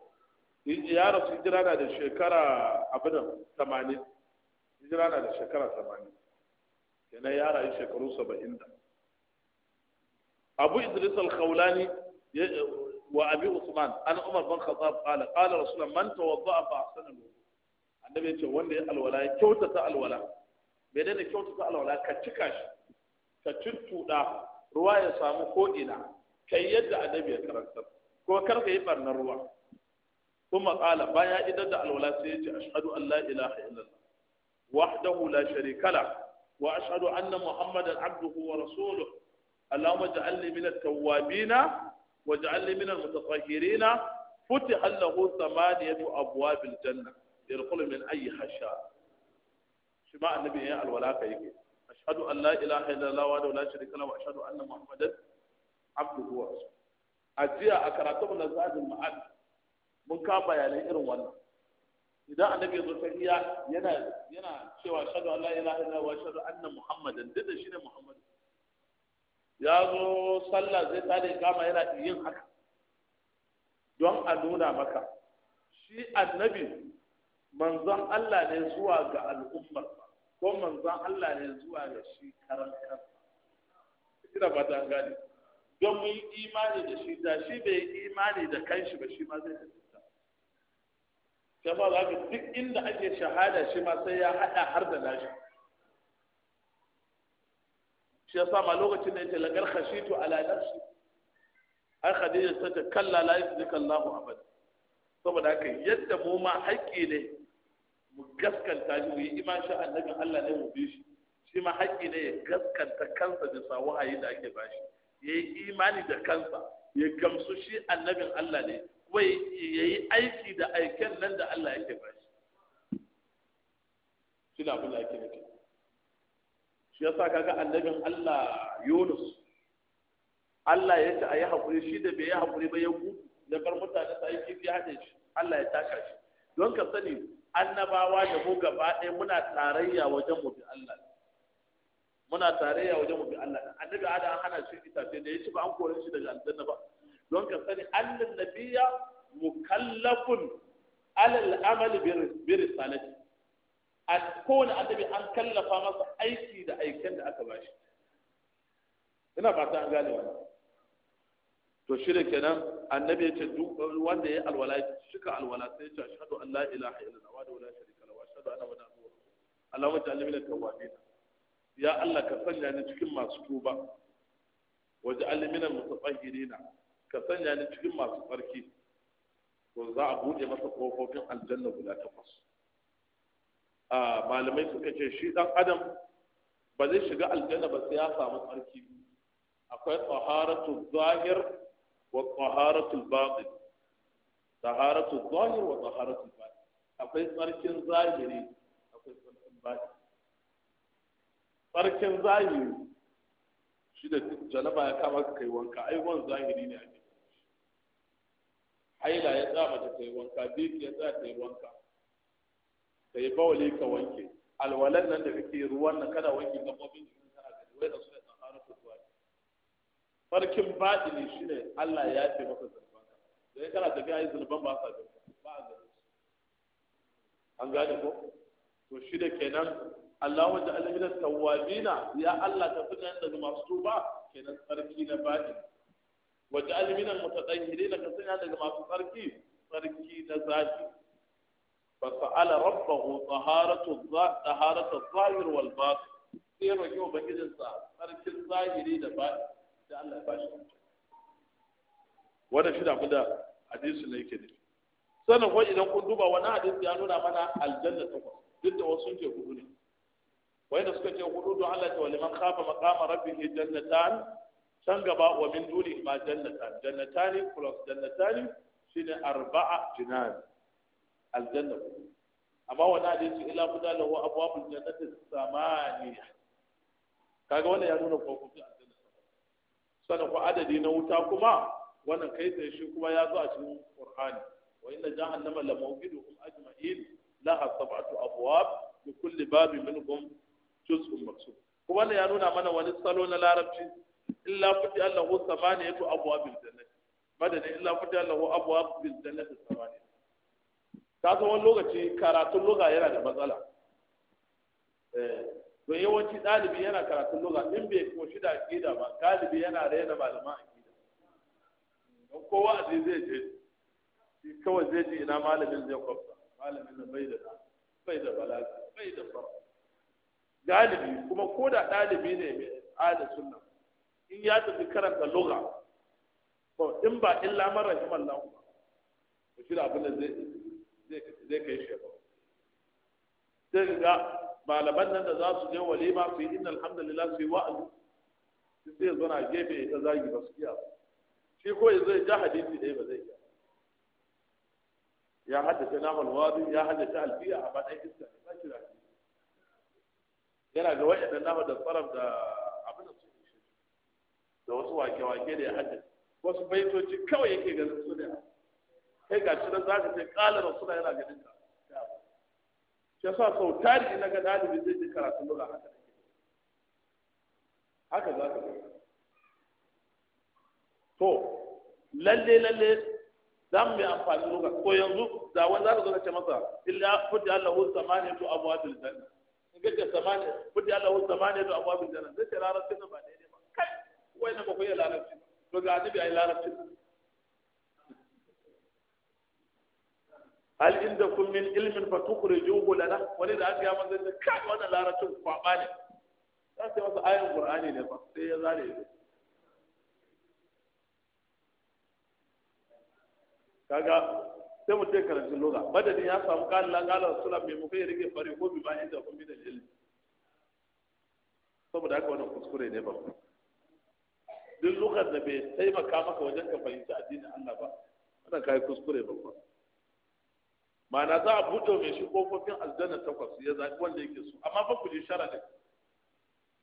ya rasu hijira na da shekara abin da tamanin hijira na da shekara tamanin kenan ya rayu shekaru saba'in da abu idris al-khawlani wa abi usman an umar ban khattab qala qala rasulullah man ba fa ahsana al-wudu annabi yace wanda ya alwala ya kyautata alwala bai da kyautata alwala ka cika shi ka cuttuda ruwa ya samu ko ina kai yadda annabi ya karanta ko kar ka yi barnar ruwa ثم قال بايا إذا دع الولا سيتي أشهد أن لا إله إلا الله وحده لا شريك له وأشهد أن محمدا عبده ورسوله اللهم اجعلني من التوابين واجعلني من المتطهرين فتح له ثمانية أبواب الجنة يدخل من أي حشاء شماء النبي الولا كيكي أشهد أن لا إله إلا الله وحده لا شريك له وأشهد أن محمدا عبده ورسوله أجزيها أكراتهم لزاد المعاد mun ka bayanai irin wannan idan annabi ya zo tahiya yana yana cewa shadu Allah ilaha illallah wa shadu anna muhammadan dinda shine muhammad ya zo sallah zai tada kama yana yin haka don a nuna maka shi annabi manzon Allah ne zuwa ga al'umma, ko manzon Allah ne zuwa ga shi karan kansa kira ba ta gane don mun imani da shi da shi bai imani da kanshi ba shi ma zai tafi sai ba za ka duk inda ake shahada shi ma sai ya haɗa har da nashi shi ya sa ma lokacin da ce lagar khashitu ala nafsi ai khadija ta ce kalla la yuzika Allahu abada saboda haka yadda mu ma haƙƙi ne mu gaskanta shi mu yi iman shi annabin Allah ne mu bi shi shi ma haƙƙi ne ya gaskanta kansa da sa wahayi da ake bashi ya yi imani da kansa ya gamsu shi annabin Allah ne wai yi aiki da aiken nan da Allah yake ba shi shine abin da yake nufi shi sa kaga annabin Allah Yunus Allah ya ce a yi haƙuri shi da bai yi haƙuri ba ya gudu da bar mutane ta yi kifi haɗe shi Allah ya taka shi don ka sani annabawa da mu gaba ɗaya muna tarayya wajen mu bi Allah muna tarayya wajen mu bi Allah annabi Adam hana shi itace da ya ci ba an kore shi daga aljanna ba don ka sani annan nabiya mukallafun alal amal bi risalati a kowane annabi an kallafa masa aiki da aikan da aka bashi ina fata an gane wannan to shi kenan annabi ya ce duk wanda ya alwala shika alwala sai ya ce ashhadu an la ilaha illallah wa la sharika lahu wa ashhadu anna muhammadan rasulullah Allahumma ja'alna minal tawwabin ya Allah ka sanya ni cikin masu tuba wa ja'alna minal mutatahhirina ka sanya ni cikin masu tsarki to za a buɗe masa ƙofofin aljanna guda takwas malamai suka ce shi ɗan adam ba zai shiga aljanna ba sai ya samu tsarki akwai tsaharatu zahir wa tsaharatu batin tsaharatu zahir wa tsaharatu batin akwai tsarkin zahiri akwai tsarkin batin tsarkin zahiri shi da janaba ya kama kai wanka ai wan zahiri ne a haila ya za mace ta yi wanka biki ya za ta yi wanka ka yi bawali ka wanke alwalan nan da kake ruwan nan kana wanke gabobin jikin kana gani wai da su ne tsakanin kutuwa farkin ne shi ne Allah ya ce maka ka. da ya kana tafiya yi zulban ba sa da ba a gani an gane ko to shi da kenan Allah wanda alhamdulillah Tawabina, ya Allah ka nan da masu tuba kenan tsarki na ne. waje aliminan mutaɗahiri na ka sanya daga masu tsarki tsarki na zafi fa sa'ala rabbahu taharatu taharatu zahir wal batin sai roƙi ubangijinsa tsarkin zahiri da batin da Allah ya bashi wannan shi da abin da hadisi ne yake nufi sannan kuma idan kun duba wani hadisi ya nuna mana aljanna takwas duk da wasu ke hudu ne wanda suka ce hudu don Allah ta waliman kafa maqama rabbihi jannatan san gaba wa min duni ma jannatan jannatani plus jannatani shine arba'a jinan aljanna amma wannan yake ila kuda lahu abwabul jannati samaniya kaga wannan ya nuna kofofin aljanna sana ko adadi na wuta kuma wannan kai tsaye shi kuma ya zo a cikin qur'ani wa inna jahannama la mawqiduhum ajma'in laha sab'atu abwab li kulli babin minhum juz'un maqsum kuma wannan ya nuna mana wani salo na larabci illa fati allahu abu abin jannati madadin illa fati allahu abwabil jannati samaniya Ta san wani lokaci karatun loga yana da matsala eh, to yawanci ɗalibi yana karatun loga in bai koshi da aƙida ba Dalibi yana raina malaman aƙida don kowa a zai je shi kawai zai ji ina malamin zai kwafta malamin da bai da bai da balaga bai da fara galibi kuma ko da ɗalibi ne mai ala sunna in ya tafi karanta lugha ko in ba illa man rahimallahu ba to shi abin da zai zai kai shi ba sai ga malaman nan da za su je walima su yi inna alhamdulillah su yi wa'azi su sai zo na gefe ta zagi ba su iya shi ko zai ja hadisi dai ba zai iya ya haddace namal wadi ya haddace alfiya a baɗai iska ne ba shi da yana ga wa'annan nama da tsaram da abin da da wasu wake-wake da ya haɗe wasu baitoci kawai yake ga su ne kai ga shi nan za ka ce ƙalar rasula yana ganin ka shi yasa sau tari na ga ɗalibi zai ji karatun lura haka haka za ka to lalle lalle za mu yi amfani lura ko yanzu da wani za ka zo ka ce masa illa allah allahu samaniya to abuwa bil janna in ga samaniya allah allahu samaniya to abuwa bil janna zai ce rarar sai ba daidai wai na bakwai larabci to ga annabi ai larabci hal inda kun min ilmin fa tukhrijuhu lana wani da aka yamma zai kai wannan larabcin kwaba ne za su yi masa ayin qur'ani ne ba sai ya zare ya kaga sai mu ce karatun loga madadin ya samu kalila kalar sulam mai mukai rike fari ko bi ba inda kun min ilmin saboda haka wannan kuskure ne ba duk lokacin da bai taimaka maka wajen ka fahimci addinin Allah ba wannan kai kuskure babba ma'ana za a buɗe mai shi kofofin aljanna takwas ya zaɓi wanda yake so amma ba ku ji sharadin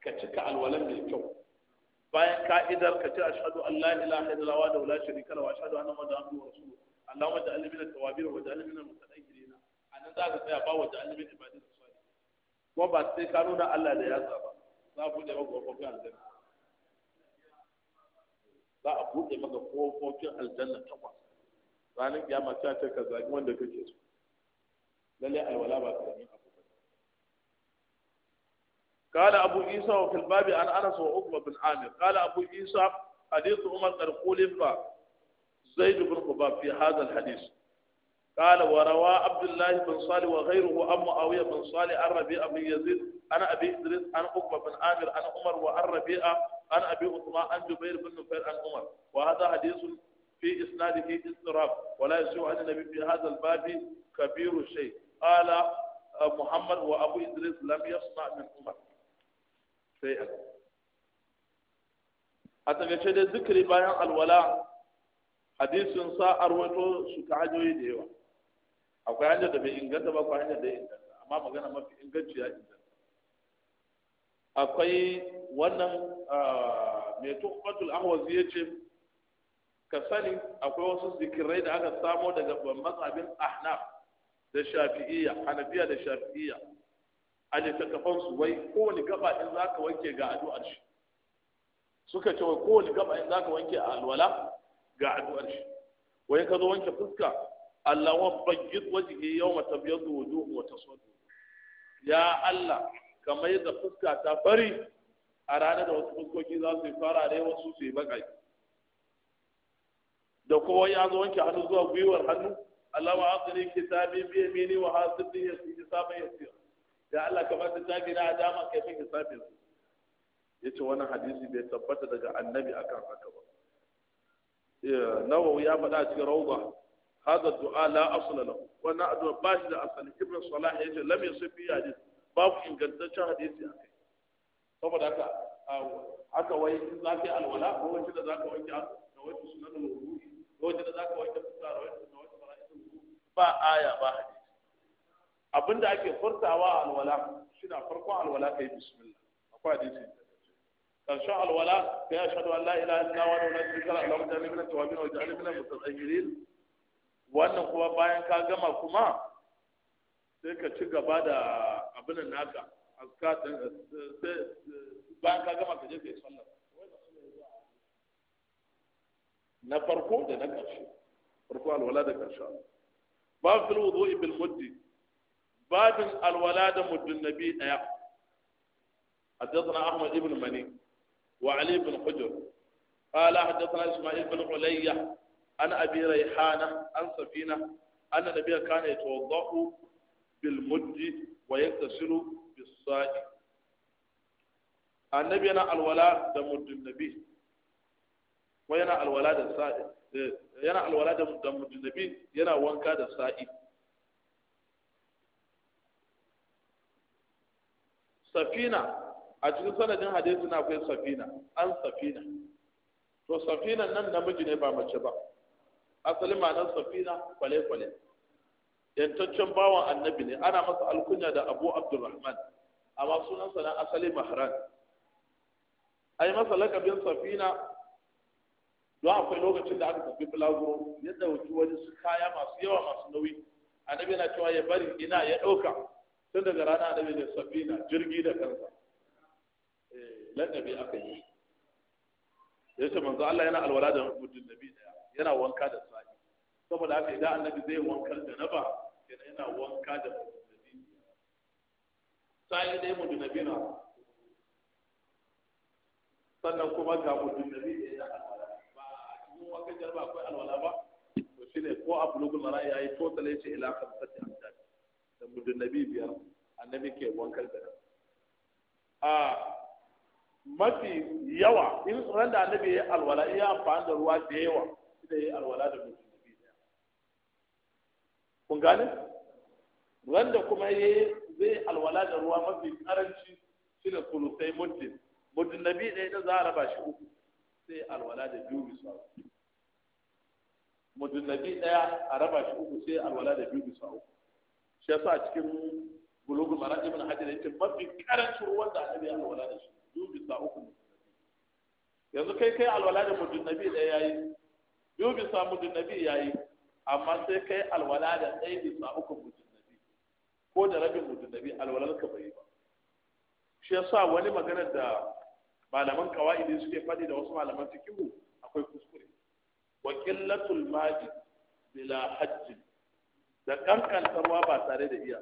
ka cika alwalan mai kyau bayan ka'idar ka ce ashhadu an la ilaha illallah wa la sharika lahu wa ashhadu anna muhammadan abduhu wa rasuluhu allahumma ja'alni minat tawabin za ka ba wajen ja'alni min ibadatik salihin kuma ba sai ka nuna Allah da ya saba za ba aljanna za a buɗe maka kofofin aljanna takwas ranar kiyama ta ce ka zaɓi wanda ka yin abu kala abu isa wa filbabi an ana so ukuma bin amir kala abu isa hadisu umar karkulin ba zaidu bin kuba fi hadal hadis kala wa rawa abdullahi bin sali wa ghairuhu an mu'awiya bin sali an rabi'a bin yazid an abi idris an ukuma bin amir an umar wa an rabi'a عن أبي عثمان عن جبير بن نفير عن عمر وهذا حديث في إسناده اضطراب ولا يسوء عن النبي في هذا الباب كبير الشيء قال محمد وأبو إدريس لم يصنع من عمر شيئا أتكشف ذكر بيان الولاء حديث سا أروته شكاجوي ديوا أو كان هذا بإنجاز أو كان هذا إنجاز أما مجانا ما في إنجاز شيء akwai wannan mai tuhfatul ahwazi ya ce ka sani akwai wasu zikirai da aka samo daga mazhabin ahnaf da shafi'iyya hanafiya da shafi'iyya a kafan su wai kowane gaba in za ka wanke ga addu'ar shi suka ce wai kowane gaba in za ka wanke a alwala ga addu'ar shi wai ka zo wanke fuska Allah wa bayyid wajhi yawma tabyadu wuduhu wa taswaddu ya Allah kamar yadda fuska ta fari a ranar da wasu fuskoki za su yi fara da wasu su yi bakai da kowa ya zo wanke hannu zuwa gwiwar hannu Allah wa ke kitabi bi mini wa hasibni hisaban yasir da Allah ka ba ta tabi na dama kai fi hisabin ce wani hadisi bai tabbata daga annabi akan haka ba nawawi ya faɗa cikin ra'uwa, hada du'a la asla lahu wannan addu'a ba shi da asali ibn salah yace lam yusib fi hadisi babu ingantaccen hadisi a kai saboda haka aka wai in za ka yi alwala ko wacce da za ka wanke da wacce suna da wuri ko wacce da za ka wanke fuska da wacce da wacce ba aya ba hadisi abinda ake furtawa alwala shi na farkon alwala kai bismillah akwai hadisi karshen alwala kai a an la ilaha ila wa la wani lahu allahumma ja'alni Alimina, at-tawabin wa ja'alni wannan kuma bayan ka gama kuma sai ka ci gaba da abin naka azka bayan ka gama ka je kai sallar na farko da na ƙarshe farko alwala da ƙarshe ba fil wudu'i bil muddi babin alwala da muddin nabi daya حدثنا احمد بن مني وعلي بن حجر قال حدثنا اسماعيل بن علي عن ابي ريحانه عن سفينه ان النبي كان يتوضا بالمد wa yaktasilu bis-sa'i annabi yana alwala da muddin nabi wa yana alwala da sa'i eh, yana alwala da muddin nabi yana wanka da sa'i safina a cikin sanadin hadisi na akwai safina an safina to safinan nan namiji ne ba mace ba Asali ma'anar safina kwale-kwale yantaccen bawan annabi ne ana masa alkunya da abu abdulrahman amma sunansa na asali mahran ai masa lakabin safina don akwai lokacin da aka tafi bulaguro ya dauki wani su kaya masu yawa masu nauyi annabi na cewa ya bari ina ya ɗauka. tun daga rana annabi ne safina jirgi da kansa eh, lakabi aka yi ya ce manzo Allah yana alwala da mutum nabi daya yana wanka da sa'i saboda haka idan annabi zai wankar da na ba. kenan yana wanka da mudunabi sai dai mudunabi na sannan kuma ga mudunabi da ba a cikin wankan jarba akwai alwala ba to shine ko a bulugul mara yayi total yace ila a amdad da mudunabi biyar annabi ke wankan da a mafi yawa in ran da annabi ya alwala iya amfani da ruwa da yawa sai ya alwala da mutum kun gane wanda kuma ya zai alwala da ruwa mafi karanci shi da kulusai muddin muddin na biyu ɗaya da za a raba shi uku sai alwala da biyu bisa uku muddin na biyu ɗaya a raba shi uku sai alwala da biyu bisa uku shi yasa a cikin bulugul mara ibn hajar ce mafi karancin ruwan da yi alwala da shi biyu bisa uku yanzu kai kai alwala da muddin na biyu ɗaya yi biyu bisa muddin na biyu yi amma sai kai alwala da ɗaya sa, uku mutum nabi ko da rabin mutum nabi alwalar ka bai ba shi sa wani magana da malaman kawa'idi suke faɗi da wasu malaman fikihu akwai kuskure wa qillatul maji bila hajji da kankantarwa ba tare da iya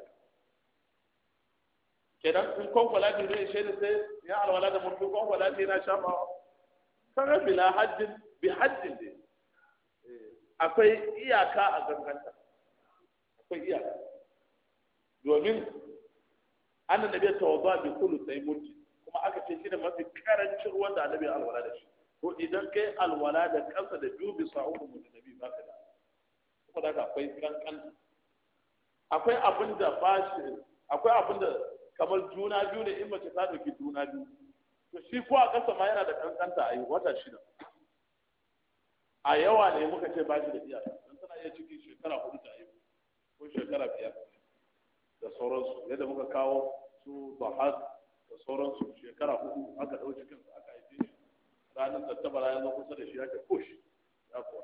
kenan sun kwankwala biyu ne shi sai ya alwala da mutum kwankwala biyu na shafawa kaga bila hajjin bi hajjin ne akwai iyaka a ganganta akwai iyaka domin ana da bai tawadda bi kullu sai mutu kuma aka ce shi da mafi karancin ruwan da annabi alwala da shi ko idan kai alwala da kansa da dubi sa'u mutu nabi ba ka da kuma da akwai kankan akwai abin da ba shi akwai abin da kamar juna biyu ne in mace ta dauki juna biyu to shi ko a kasa ma yana da kankanta a yi wata shida a yawa ne muka ce ba shi da iyaka don tana iya cikin shekara hudu ta yi ko shekara biyar da sauransu yadda muka kawo su bahas da sauransu shekara hudu aka ɗau cikin aka haife shi ranar tattabara ya zo kusa da shi ya ce push ya kuwa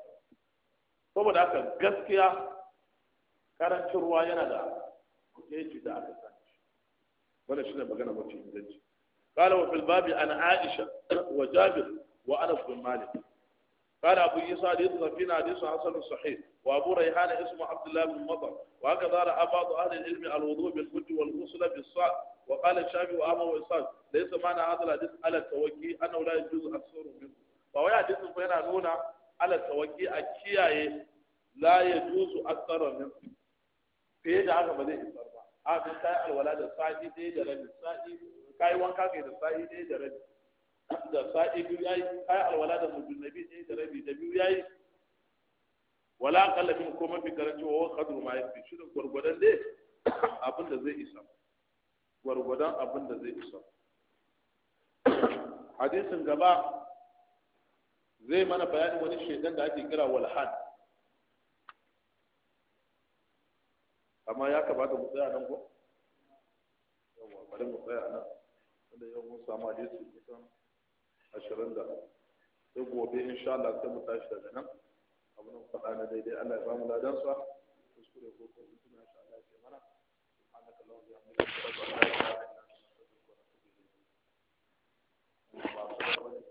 saboda haka gaskiya karancin ruwa yana da kuɗeji da aka sani wanda shi ne magana mafi inganci قال وفي الباب عن عائشة وجابر وأنس بن مالك قال أبو عيسى حديث سفينة حديث حسن صحيح وأبو ريحان اسمه عبد الله بن مطر وهكذا رأى بعض أهل العلم الوضوء بالحج والغسل بالصاد وقال الشافعي وأمر وإسحاق ليس معنى هذا الحديث على التوكي أنه لا يجوز أكثر منه فهو حديث فينا نونا على التوكي أكياي لا يجوز أكثر منه في هذا هذا بدأ يصير a kai alwala da sa'i ɗaya da rabi sa'i kai wanka kai da sa'i ɗaya da rabi da sa'i biyu yayi kai alwala da mujun nabi sai da rabi da biyu yayi wala aqalla min ko mafi karanci wa qadru ma yafi shi da gurgudan dai abin da zai isa gurgudan abin da zai isa hadisin gaba zai mana bayani wani shaidan da ake kira walhan amma ya kamata mu tsaya nan ko yawa bari mu tsaya nan wanda yau mun samu hadisi kusan ashirin da duk gobe insha Allah sai mu tashi daga nan abu nan faɗa na daidai Allah ya bamu ladan sa kuskure ko ko mutum ya sha Allah ya mana subhanaka allahumma wa bihamdika ashhadu an wa atubu